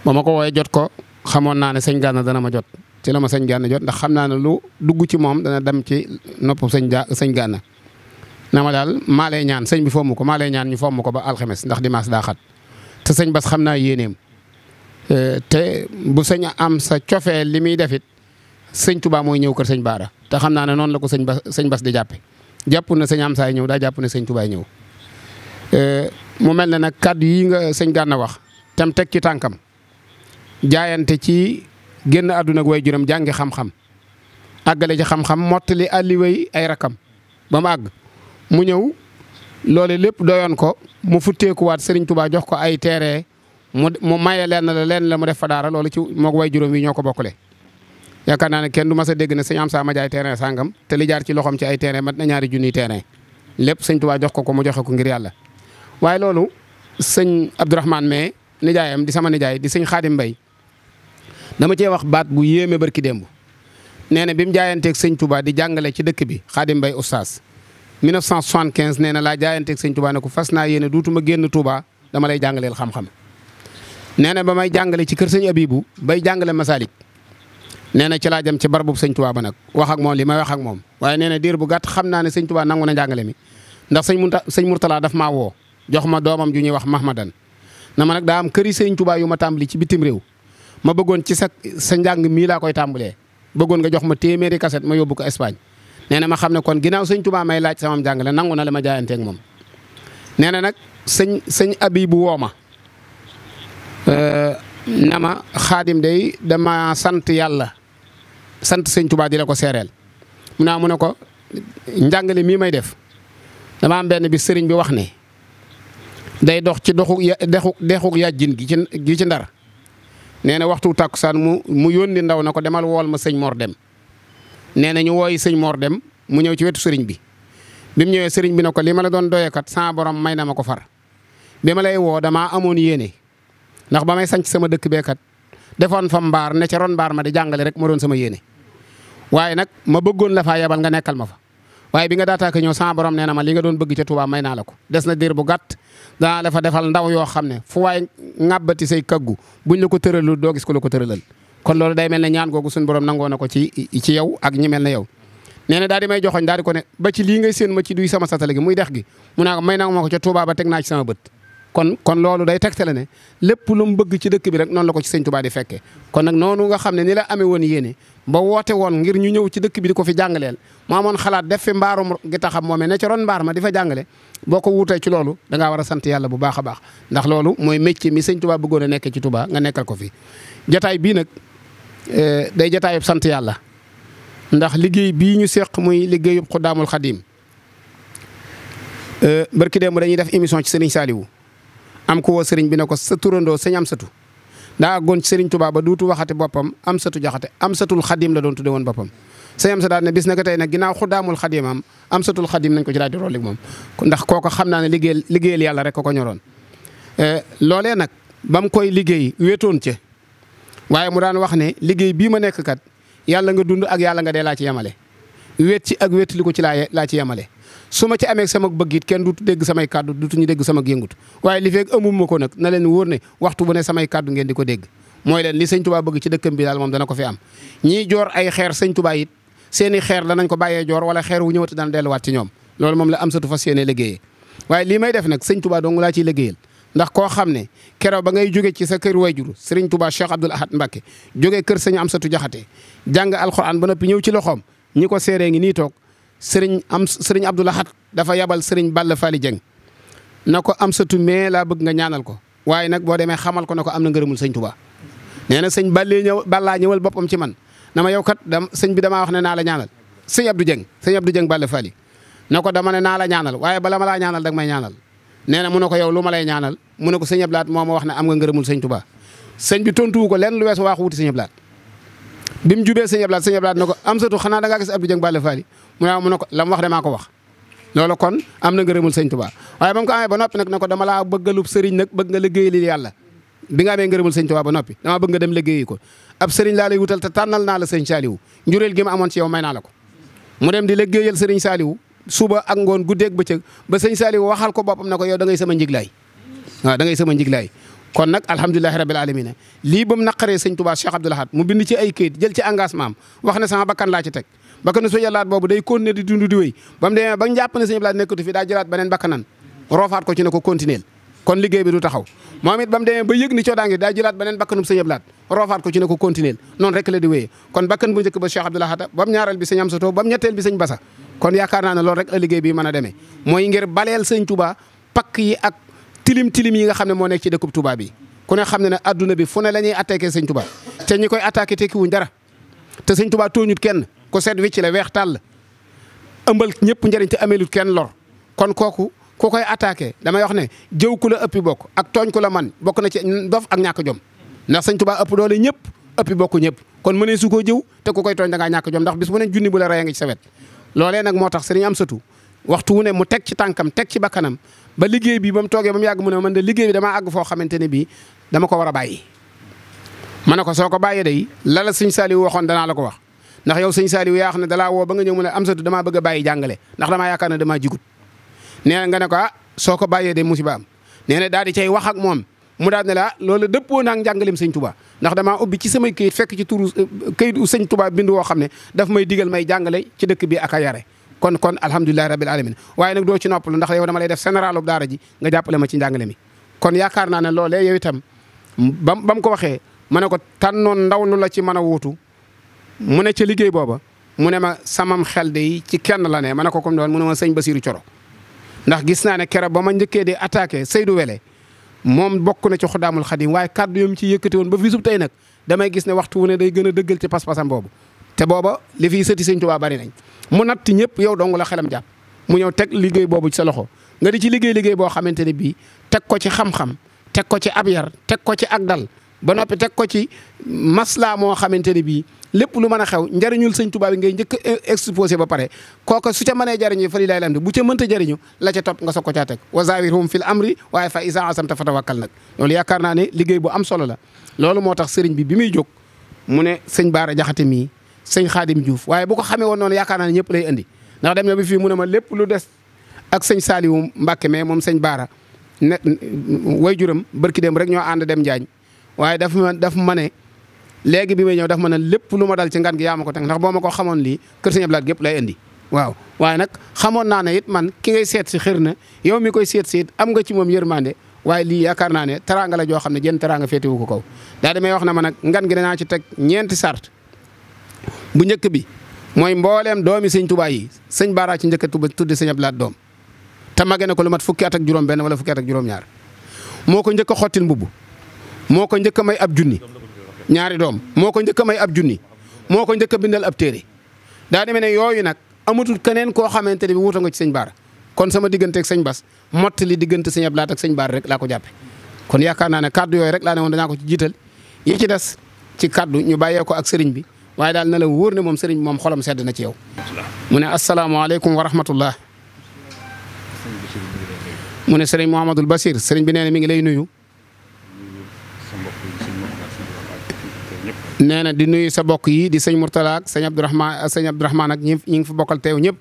ba ma ko wooyee jot ko xamoon naa ne sëñ dana ma jot ci la ma sëñ Gana jot ndax xam naa ne lu dugg ci moom dana dem ci nopp sëñ ja sëñ Gana na daal maa lay ñaan sëñ bi fomm ko maa ñaan ñu fomm ko ba alxames ndax dimanche daa xat te sëñ Bass xam naa yéeneem eh, te bu sëñ am sa cofee li muy defit sëñ Touba mooy ñëw kër sëñ Baara te xam naa ne noonu la ko sëñ Bass sëñ Bass di jàppe jàpp na sëñ am saay ñëw daa jàpp ne sëñ Touba ñëw eh, mu mel na nag kàddu yi nga sëñ wax tam teg ci tànkam jaayante ci génn àdduna ak way juram jàngi xam-xam àggale ci xam-xam mottali àlliwéy ay rakam ba mu àgg mu ñëw loole lépp doyoon ko mu futteekuwaat Serigne Touba jox ko ay teere mu mu maye lenn la lenn la mu def fa daara loolu ci moog way juróom yi ñoo ko bokkule. yaakaar naa ne kenn du mas a dégg na sëñ am saa jaay terrain sangam te li jaar ci loxoom ci ay terrain mat na ñaari junniy terrain lépp sëñ Touba jox ko ko mu joxe ko ngir yàlla. waaye loolu sëñ Abdourahman mais nijaayam di sama nijaay di sëñ Xaadim Mbay dama cee wax baat bu yéeme barki démb nee na bi mu jaayanteeg sëñ Touba di jàngale ci dëkk bi Xaadim Mbay oustaz 1975 nee na laa jaayanteeg sëñ Touba ne ko fas naa yéene duutuma génn Touba dama lay jàngaleel xam-xam nee na ba may jàngale ci kër sëñ Abibu bay jàngale Masalik nee na ci laa jëm ci barabub sëñ Touba ba nag wax ak moom li may wax ak moom waaye nee na diir bu gàtt xam naa ne sëñ Touba nangu na jàngale mi ndax sëñ Munta sëñ Murtala daf maa woo jox ma doomam ju ñuy wax Mahmadan na ma nag daa am këri sëñ Touba yu ma tàmbali ci bitim réew ma bëggoon ci sa sa njàng mii laa koy tàmbalee bëggoon nga jox ma téeméeri kaset ma yóbbu ko Espagne nee na ma xam ne kon ginnaaw sëñ Touba may laaj samam jàngale nangu na la ma jaayanteeg moom. nee na nag sëñ sëñ Abibu woo ma euh, na ma xaadim day dama sant yàlla sant sëñ tubaa di la ko seereel mu naa mu ne ko njàngale mii may def dama am bi sëriñ bi wax ne day dox ci doxu dexu dexu yàjjin gi ci gi ci ndar nee na waxtu takkusaan mu mu yónni ndaw na ko demal wool ma sëñ Mor dem nee na ñu wooyi sëñ moor dem mu ñëw ci wetu sëriñ bi bi mu ñëwee sëriñ bi ne ko lii ma la doon doyekat sama borom may na ko far bi ma lay woo damaa amoon yéene ndax ba may sanc sama dëkk beekat defoon fa mbaar ne ca ma di jàngale rek ma doon sama yéene waaye nag ma bëggoon la faa yebal nga ma fa waaye bi nga daataaka ñëw sama borom nee na ma li nga doon bëgg ca may naa la ko des na diir bu gàtt danaa la fa defal ndaw yoo xam ne fu waay ŋàbbati say kaggu buñ la ko tëralul doo gis ko la ko tëralal kon loolu day mel ne ñaan googu suñu borom nangoo na ko ci ci yow ak ñi mel ne yow nee na daal di may joxoñ daal ko ne ba ci lii ngay séen ma ci duy sama satale gi muy dex gi mu naa ko may naa ma ko ca Touba ba teg naa ci sama bët kon kon loolu day tegtale ne lépp lu mu bëgg ci dëkk bi rek noonu la ko ci sëñ Touba di fekkee kon nag noonu nga xam ne ni la amee woon yéene ba woote woon ngir ñu ñëw ci dëkk bi di ko fi jàngaleel mu amoon xalaat def fi mbaarum gi taxam moome ne ci mbaar ma di fa jàngale boo ko wuutee ci loolu da ngaa a sant yàlla bu baax a baax ndax loolu mooy mi sëñ Touba bëggoon a nekkee ci nga nekkal ko fi jotaay bii Eh, day jataayub sant yàlla ndax liggéey bii ñu seq muy liggéeyub Xudaamul Xadiim eh, barki démb dañuy def émission ci Serigne Saliou am ku woo Serigne bi ne ko sa turandoo sëñ am satu daa àggoon ci Serigne Touba ba duutu waxate boppam am satu jaxate am satul xadim la doon tudde woon boppam. sëñ am sa daal ne bis na ko tey nag ginnaaw Xudaamul Xadiim am am satul xadim nañ ko ci daal di roolig moom ndax kooko xam naa ne liggéeyal liggéeyal yàlla rek ko ko ñoroon eh, waaye mu daan wax ne liggéey bii ma nekk kat yàlla nga dund ak yàlla nga dee laa ci yemale wet ci ak wet wéetali ko ci laa ci yemale su ma ci amee sama bëgg it kenn du dégg samay kàddu dutuñu dégg sama yëngut waaye li feeg amuma ko nag na leen wóor ne waxtu bu ne samay kàddu ngeen di ko dégg mooy leen li sëñ tubaa bëgg ci dëkkam bi daal moom dana ko fi am ñiy joor ay xeer sëñ tubaa it seeni xeer danañ ko bayee joor wala xeer wu ñëwati dana delluwaat ci ñoom loolu moom la am satu fas yéene liggéeyee waaye lii may def nag sëñ tubaa dong laa ciy ndax koo xam ne keroog ba ngay jóge ci sa kër wayjur Serigne Touba Cheikh Abdoul Ahad Mbacké jóge kër sëñ am Amsatu Jaxate jàng alxuraan ba noppi ñëw ci loxoom ñi ko seeree ngi nii toog Serigne am Serigne Abdoul Ahad dafa yabal Serigne Balla Fally Dieng na ko am Amsatu mais laa bëgg nga ñaanal ko waaye nag boo demee xamal ko na ko am na ngërëmul sëñ tubaa nee na sëñ Ballee ñëw Ballaa ñëwal boppam ci man na ma yow kat dam sëñ bi damaa wax ne naa la ñaanal sëñ Abdou Dieng sëñ Abdou Dieng Balla Fally na ko dama ne naa la ñaanal waaye bala ma laa ñaanal dag may ñaanal nee na mu ne ko yow lu ma lay ñaanal mu ne ko sëñ Ablaat moo ma wax ne am nga ngërëmul sëñ Touba sëñ bi tontuwu ko lenn lu weesu waaxu wuti sëñ bi mu jubee sëñ Ablaat sëñ Ablaat ne ko am satu xanaa da ngaa gis Abdou Dieng Balla Fally mu ne mu ne ko la wax de maa ko wax loolu kon am na ngërëmul sëñ tubaa waaye ba mu ko amee ba noppi nag na ko dama laa bëggalub sëriñ nag bëgg nga liggéey li yàlla bi nga amee ngërëmul sëñ Touba ba noppi dama bëgg nga dem liggéeyi ko ab sëriñ wutal te tànnal naa la sëñ Saliou njuréel gi ma amoon ci yow may naa la ko dem di liggéeyal sëriñ Saliou suba ak ngoon guddeeg bëccëg ba sëñ Saliou waxal ko boppam na ko yow da ngay sama njiglaay waaw da ngay sama njiglaay kon mu bind ci ay jël ci engagement am wax ne sama bakkan laa ci teg bakkanu sëñ Abdoul Ahad boobu day continuer di dund di wéy ba mu demee ba njàpp ne sëñ Abdoul Ahad nekkatu fi daa jëlaat beneen bakkanan roofaat ko ci ne ko continuer kon liggéey bi du taxaw moom it ba mu demee ba yëg ni coodaa ngi daa jëlaat beneen bakkanum sëñ Abdoul Ahad roofaat ko ci ne ko continuer noonu rek la di wéyee kon bakkan bu njëkk ba Cheikh Abdoul Ahad ba bi sëñ Amsatou ba mu kon yaakaar naa ne loolu rek la liggéey bi mën a demee mooy ngir baleel sëñ Touba pakk yi ak tilim tilim yi nga xam ne moo nekk ci dëkkub Touba bi ku ne xam ne ne adduna bi fu ne la ñuy attaqué sëñ Touba te ñi koy attaqué tekkiwuñ dara te sëñ Touba tooñut kenn ku seet wicc la weex tàll ëmbal ñëpp njariñ te ameelut kenn lor kon kooku ku koy attaqué dama wax ne jëw ku la ëppi bokk ak tooñ ku la man bokk na ci dof ak ñàkk jom ndax sëñ Touba ëpp doole ñëpp ëppi bokk ñëpp kon mënee su koo jëw te ku koy loolee nag moo tax sëriñ am satu waxtu wu ne mu teg ci tànkam teg ci bakkanam ba liggéey bi ba mu toogee ba mu yàgg mu ne man de liggéey bi damaa àgg foo xamante ne bii dama ko war a bàyyi ma ne ko soo ko bàyyee day lala sëñ Saliou waxoon danaa la ko wax ndax yow sëñ Saliou yaa xam ne dalaa woo ba nga ñëw mu ne am satu damaa bëgg a bàyyi jàngale ndax dama yaakaar ne damaa jigut nee na nga ne ko ah soo ko bàyyee day musiba am nee na daal di cay wax ak moom mu daal ne la loolu dëppoo naa njàngaleem sëñ Touba ndax damaa ubbi ci samay këyit fekk ci turu euh, këyitu sëñ Touba bind woo xam ne daf may digal may jàngale ci dëkk bi ak a yare kon kon alhamdulilahi rabil alamin waaye nag doo ci noppalu ndax yow dama lay def généralu daara ji nga jàppale ma ci njàngale mi kon yaakaar naa ne loolee yow itam bam ba ko waxee ma ne ko tànnoon ndaw lu la ci mën a wuutu mu ne ci liggéey booba mu ne ma samam xel de ci kenn la ne ma ne ko comme doon mu ne ma sëñ Basiru Coro ndax gis naa ne keroog ma njëkkee di attaqué Seydou moom bokk na ci xudaamul xadim waaye kàddu yom ci yëkkati woon ba fii sub tey nag damay gis ne waxtu wu ne day gën a dëggal ci pas-pasam boobu te booba li fiy sëti sëñ Tuubaa bari nañ mu natt ñëpp yow dong la xelam jàpp mu ñëw teg liggéey boobu ci sa loxo nga di ci liggéey liggéey boo xamante ne bii teg ko ci xam-xam teg ko ci ab yar teg ko ci ak dal ba noppi teg ko ci maslaa moo xamante ni bii lépp lu man a xew njariñul sëñ Tuubaa bi ngay njëkk e- exposé ba pare kooka su ca mënee jariñu fa lilahi lamdi bu ca mënta jariñu la ca topp nga soog ko caa teg wa zawirhum fil amri waaye fa isa asamta fa tawakkal nag loolu yaakaar naa ne liggéey bu am solo la loolu moo tax sëriñ bi bi muy jóg mu ne sëñ Baara Jaxate mii sëñ Xaadim Diouf waaye bu ko xamee woon noonu yaakaar naa ne ñëpp lay andi ndax dem na bi fii mu ne ma lépp lu des ak sëñ Saaliwu Mbàkke mais moom sëñ Baara ne way juram barki dem rek ñoo ànd dem Njaañ waaye daf ma daf ma ne léegi bi may ñëw daf ma na lépp lu ma dal ci ngan gi yaa ko teg ndax boo ma ko xamoon lii kër Sëñ Abdou gépp lay indi waaw waaye nag xamoon naa ne it man ki ngay seet si xër na yow mi koy seet si it am nga ci moom maande waaye lii yaakaar naa ne teraanga la joo xam ne jën teraanga féetewu ko kaw daa demee wax na ma nag ngan gi danaa ci teg ñeenti sart bu njëkk bi mooy mbooleem doomi sëñ Tuubaa yi sëñ Baara ci njëkk a tudde Sëñ Abdou doom te mage na ko lu mat fukki at juróom benn wala fukki at ak moo ko njëkk xottil mbubb moo ko njëkk a may ab junni ñaari doom moo ko njëkk may ab junni moo ko njëkk bindal ab téere daa demee ne yooyu nag amatul keneen koo xamante ne bi wuta nga ci sëñ baar kon sama digganteeg sëñ Bas mott li diggante sëñ Ablaat ak sëñ Baara rek laa ko jàppe kon yaakaar naa ne kàddu yooyu rek laa ne woon danaa ko ci jiital yi ci des ci kàddu ñu bàyyee ak sëriñ bi waaye daal na la wóor ne moom sëriñ moom xolam sedd na ci yow. mu ne asalaamaaleykum wa rahmatullah mu ne sëriñ Mouhamadul Basir sëriñ bi nee mi ngi lay nuyu. nee na di nuyu sa bokk yii di sëñ Mourtala ak sëñ Abdourahman ak sëñ Abdourahman ak ñi ngi fa bokkal teew ñëpp.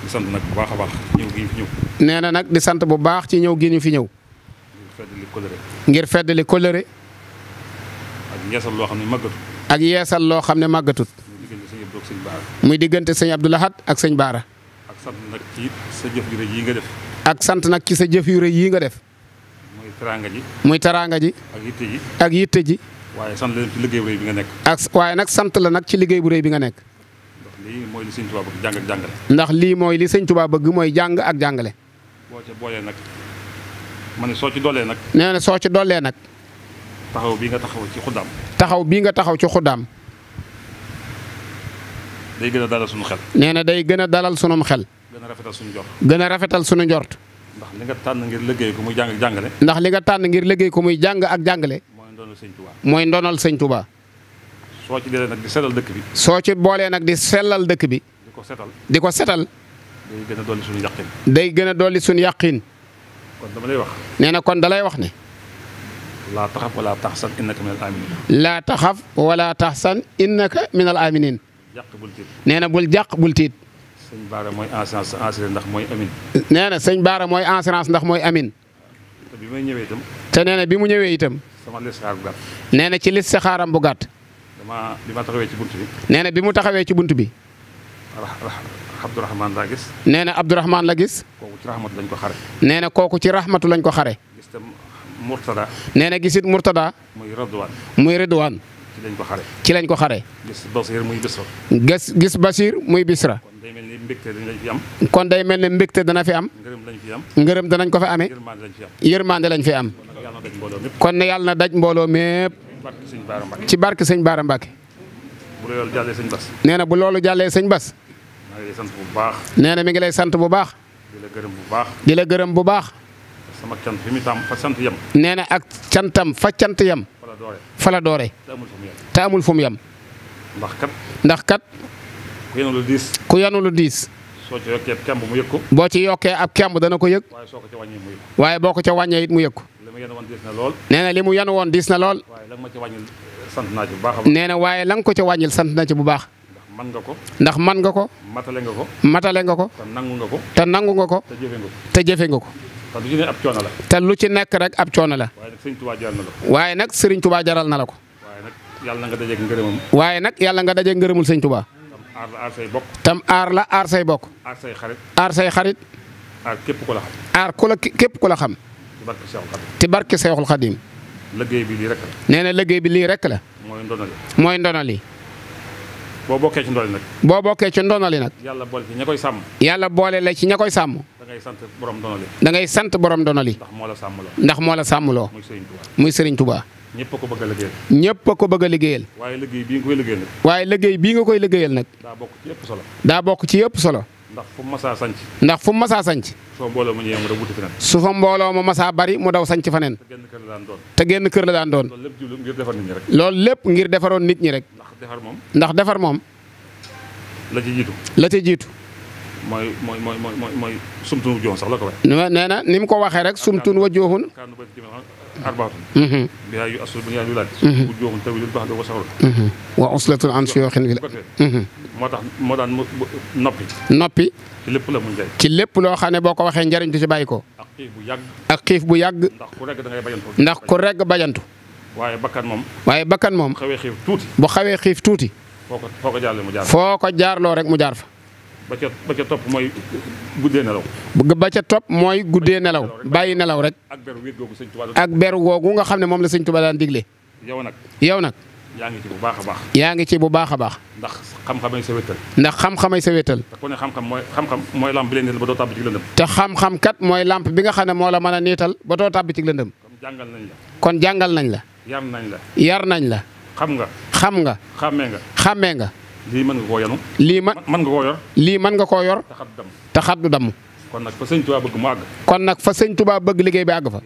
di nag na nag di sant bu baax ci ñëw gi ñu fi ñëw. ngir feddali kóllëre. ngir feddali kóllëre. ak loo xam ne màggatut. ak yeesal loo xam ne màggatut. muy diggante sëñ Abdou Lahad ak sëñ Baara. ak sant nag ci sa jëf yu rëy yi nga def. ak sant nag muy teraanga ji. ak yitte ji. waaye sant la liggéey bu rëy nga nekk. ak waaye nag sant la nag ci liggéey bu rëy bi nga nekk. ndax lii mooy li sëñ Tuubaa bëgg ndax lii mooy li sëñ Tuubaa bëgg mooy jàng ak jàngale. boo ca boolee nag. ma ne soo ci doolee nag. nee na soo ci doolee nag. taxaw bii nga taxaw ci xuddaam. taxaw bii nga taxaw ci xuddaam. day gën a dalal sunu nee na day gën a dalal sunum xel. gën rafetal sunu njort. gën a rafetal sunu njort. ndax li nga tànn ngir liggéey ko muy jàng ak jàngale. ndax li tànn ngir liggéey ko muy jàng ak jàngale. mooy ndonal sëñ Touba. soo ci boolee nag di sellal dëkk bi. soo ci boolee nag di dëkk bi. di ko setal di ko setal. day gën a dolli yàqin. day gën a dolli suñu yàqin. kon dama lay wax. nee na kon dalay wax ne. laa taxaf wala taxsan innaka minal aminin. laa taxaf wala aminin. jàq bul na bul jàq bul tiit. sëñ Baara mooy assurance assurance ndax mooy amin. ndax mooy te bi bi mu ñëwee itam. sama listixaar bu gàtt. nee na ci listixaaram bu gàtt. dama bi ma taxawee ci bunt bi. nee na bi mu taxawee ci bunt bi. Abdourahman laa gis. nee na Abdourahman la gis. kooku ci rahmatu lañ ko xare. nee na kooku ci rahmatu lañ ko xare. gis tam Murtada. nee na gisit Murtada. muy Ridwaan. muy Ridwaan. ci lañ ko xare. ci lañ ko xare. gis Basir muy Bisra. gis gis Basir muy Bisra. kon day mel ni mbégte dana fi am. kon day mel ni mbégte dana fi am. ngërëm lañ fi am. ngërëm danañ ko fa amee. yërmande lañ fi am. yërmande lañ fi am. kon ne yàlla na daj mbooloo mépp ci barke sëñ Baara Mbacke. bu loolu jàllee sëñ Bas. nee na bu loolu jàllee sëñ Bas. maa ngi nee na mi ngi lay sant bu baax. di la gërëm bu baax. di la gërëm bu baax. sama fa sant yam. nee na ak cantam fa cant yam. fa la doore fa amul fu mu yam. ndax kat. ndax kat. ku yanu diis. soo ci yokkee ab kemb mu yëg ko. boo ci yokkee ab kemb dana ko yëg. waaye soo ko ca wàññee mu yëg ko. waaye boo ko ca wàññee mu yëg ko. li li mu yanu woon diis na lool. waaye la nga ma ca wàññil sant naa ci bu baax. nee na waaye la nga ko ca wàññil sant na ci bu baax. ndax man nga ko. matale nga ko. te nangu nga ko. te jëfe nga ko. te lu ci la. te lu ci nekk rek ab coono la. waaye nag Serigne Touba jaral na la ko. waaye nag Serigne Touba jaral na la ko. waaye nag yàlla nga dajeeg ngërëmam. ngërëmul Serigne Touba. aar la aar say bokk. tam aar la aar say bokk. aar say xarit. aar say xarit. aar képp ku la xam. aar ku la képp ko la xam. ci barke Seexul Xadim. ci barke Seexul Xadim. liggéey bi lii rek la. nee bi lii rek la. mooy ndonali. mooy ndonali. boo bokkee ci ndonali nag. boo bokkee ci ndonali nag. yàlla boole ci ña koy sàmm. yàlla boole la ci ña koy sàmm. da ngay sant borom ndonali. da ngay sant borom ndax moo la sàmmloo. muy Serigne Touba. ñépp a ko bëgg a ñëpp a ko bëgg a liggéeyal. waaye liggéey bii nga koy liggéeyal nag. waaye liggéey bii nga koy daa bokk ci yëpp solo. daa bokk ci yëpp solo. ndax fum masaa sanc. ndax fu mu masaa sanc. su fa mbooloo ma ñëwee mu daw wuti feneen. su masaa bari mu daw sanc feneen. te génn kër te génn kër la daan doon. loolu lépp ngir defar loolu lépp ngir defaroon nit ñi rek. ndax defar moom. ndax defar moom. la ci jiitu. la ci jiitu. mooy mooy mooy mooy mooy sumtun wu jooxun sax la ko waxee. nee na ni mu ko waxee rek sumtun wa jooxun. Mhm. Mhm. Mhm. wa sahrun wa uslatun an shuyuuxil wilaaya moo tax moo daan noppi noppi ci lépp la mu njëriñ ci lépp loo xam ne boo ko waxee njëriñ du ci bàyyi ko ak xiif bu yàgg ak xiif bu yàgg ndax ku rekk da ngay bajantu ndax ku rekk waaye bakkan moom waaye xawee xiif tuuti foo ko foo rek mu jaar fa ba ca ba ca topp mooy guddee nelaw. ba ca topp mooy guddee nelaw bàyyi nelaw rek. ak beru wéet googu sëñ Tuba ak beru googu nga xam ne moom la sëñ Tuba daan digle. yow nag yow nag. yaa ngi ci bu baax a baax. yaa ngi ci bu baax a baax. ndax xam-xamay sa ndax xam-xamay sa wétal. te ne xam-xam mooy xam-xam mooy lamp bi lay niital ba te xam-xam kat mooy lamp bi nga xam ne moo la man a niital ba doo tàbbi ci lëndëm. kon jàngal nañ la. kon jàngal nañ la. yar nañ la. yar nañ la. xam nga. xam nga. xàmmee nga. xàmmee nga. lii koo yanu. lii man mën nga koo yor. lii mën nga koo yor. te xat du damm. kon nag fa sëñ Tuubaa bëgg kon nag fa sëñ Tuubaa bëgg liggéey bi àgg fa.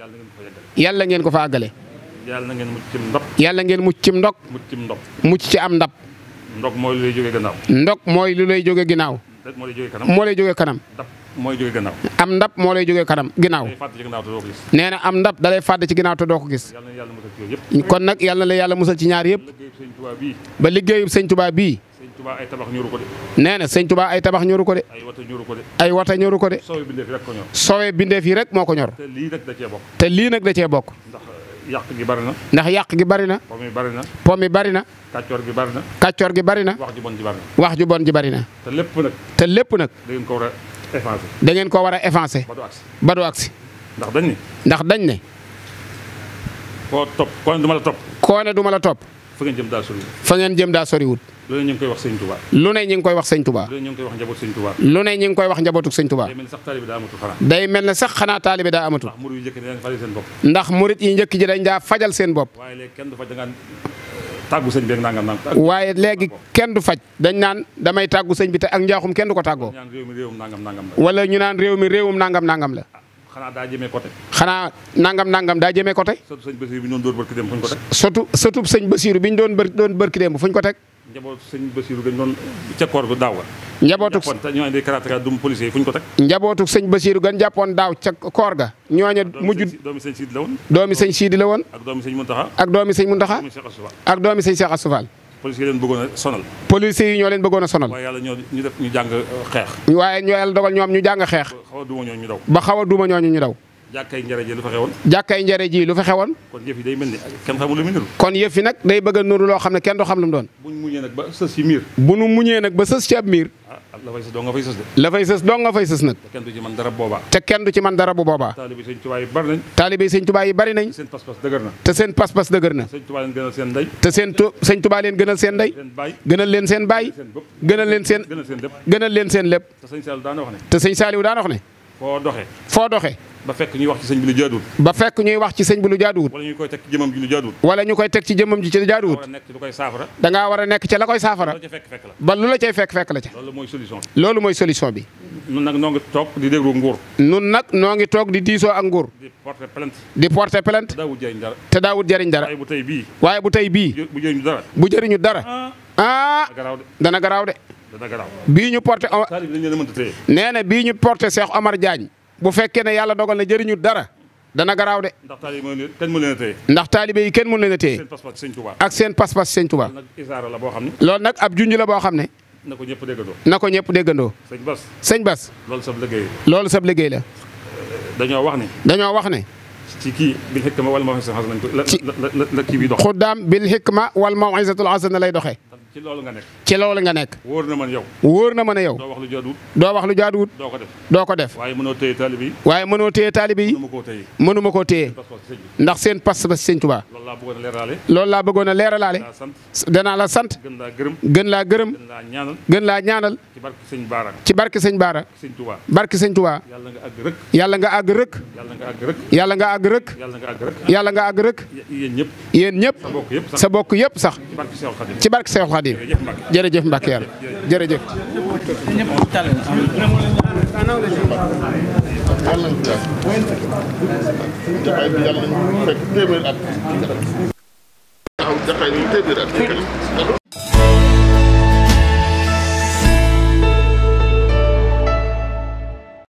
yàlla ngeen ko fa àggale. yàlla ngeen mucc ci ndop. yàlla ngeen mucc ci ndop. mucc mucc ci am ndap. ndok mooy lu lay jógee gannaaw. ndok mooy lu lay jógee ginnaaw. moo lay jógee kanam moo lay jógee kanam. mooy jógee am ndap moo lay jógee kanam ginnaaw. nee am ndap da lay ci ginnaaw te doo ko gis. kon nag yàlla na la yàlla musal ci ñaar yëpp. ba liggéeyub sëñ Tuubaa bii. Touba ay tabax ñoru ko de. nee na sëñ Touba ay tabax ñoru ko de. ay wata ñoru ko de. ay wata ñoru ko de. soowee bindeef yi rek ko ñor. soowee bindeef yi moo ko ñor. te lii nag da cee bokk. te lii nag da cee bokk. ndax yàq gi bari na. ndax yàq gi bari na. pom yi bari na. pom yi bari na. kàccoor gi bari na. kàccoor gi bari na. wax ju bon ji bari wax ju bon ji bari na. te lépp nag. te lépp nag. da ko war a effacer. da ngeen ko war a effacer. ba du agsi ba du agsi. ndax dañ ne. ndax dañ ne. koo topp la topp. koo ne la topp. fa ngeen jëm daa soriwut. fa ngeen jëm daa lu ne ñu koy wax sëñ Touba. lu ne ñu ngi koy wax sëñ Touba. lu ne ñu ngi koy wax njabootu sëñ Touba. lu ne ñu ngi koy wax njabootu sëñ Touba. day mel ne sax taalibe daa amatul xanaa. day daa amatul. ndax murit yi njëkk dañ fajal seen bopp. ndax murit yi njëkk ji dañ daa fajal seen bopp. waaye léegi kenn faj kenn du faj dañ naan damay tàggu sëñ bi te ak njaaxum kenn du ko tàggoo. wala ñu naan réew mi réewum nangam nangam la xanaa daa jëmee côté. xanaa nangam nangam daa jëmee côté. sëtu sëñ Basiru bi ñu doon dóor barki dem fu ñu ko teg. sëtu sëtu sëñ Basiru bi ñu doon bër ko teg. njabootu sëñ Basiru dañ doon ca koor gu daaw ga. njabootu te ñooñu di karaatara dum policier yi fu ñu ko teg. njabootu sëñ Basiru gan jàppoon daaw ca koor la woon. doomi sëñ Siidi la woon. ak doomi sëñ Muntaxa. ak ak doomi sëñ Cheikh Assoufal police yi leen bëggoon a sonal. police yi ñoo leen bëggoon a sonal. waaye yàlla ñoo ñu def ñu jàng xeex. waaye ñoo ba xaw a duuma ñooñu ñu daw. ba xaw a duuma ñooñu ñu daw. jàkkaay njëre ji lu fa xewoon. kon yëf day mel ni kenn xamul lu mu niru. kon yëf nag day bëgg a loo xam ne kenn du xam lu doon. bu ñu muñee nag ba sës ci miir la fay sës doo nga fay sës de. la fay sës doo nga nag. te kenn ci man dara bu boobaa. te kenn du bari nañ. taalibe seen pas-pas dëgër na. te seen pas gënal seen ndey. gënal leen seen baay. gënal leen seen gënal leen seen lépp. gënal ne. foo doxe foo doxe ba fekk ñuy wax ci sëñ bi lu jaaduwul ba fekk ñuy wax ci sëñ bi lu jaaduwul wala ñu koy teg ci jëmam ji lu jaaduwul ci jëmam ji ci war a nekk ci la koy saafara ba lu la cay fekk fekk la ca loolu mooy solution bi nun nag noo ngi toog di déglu nguur nun nag noo ngi toog di diisoo ak nguur di porter plainte di porter plainte daawut jëriñ dara te daawut jëriñ dara waaye bu tey bii bu tey dara ah. ah dana garaaw de bii ñu porté Omar nee na bii ñu porté Cheikh Omar Diagne bu fekkee ne yàlla dogal na jëriñu dara dana garaaw de. ndax taalibe yi kenn mën leen a téye. ndax taalibe ak seen pas-pas sëñ Tuubaa. nag ab junj la boo xam ne. na ko ñëpp déggandoo. na ko ñëpp déggandoo. sëñ Bas. sëñ Bas. loolu sab liggéey la. loolu sab liggéey la. dañoo wax ne. dañoo wax ne. ci kii bil hikma wal maw'izatil hasana lañ ko la la la kii bi dox. xuddaam wal maw'izatil hasana lay doxee. ci loolu nga nekk. wóor na ma ne yow. wóor na ma ne yow. doo wax lu jaaduwut. doo wax lu jaaduwut. doo ko def doo ko def. waaye mënoo téye taalibe yi. waaye mënoo téye taalibe yi. mënuma koo téye. mënuma koo téye ndax seen pas ba lool la loolu laa bëggoon a leeralaale. loolu laa bëggoon a leeralaale. danaa la sant. gën laa gërëm. gën laa gërëm. gën laa ñaanal. gën laa ñaanal. ci barke sëñ Baara. ci barke sëñ Baara. sëñ Tuubaa. barke sëñ Tuubaa. yàlla nga àgg rëkk. yàlla nga àgg rëkk. yàlla nga àgg rëkk. yéen ñëpp. sa bokk yëpp sax ci barke Seexul Xadim jërëjëf Mbacke yàlla jërëjëf. ñëpp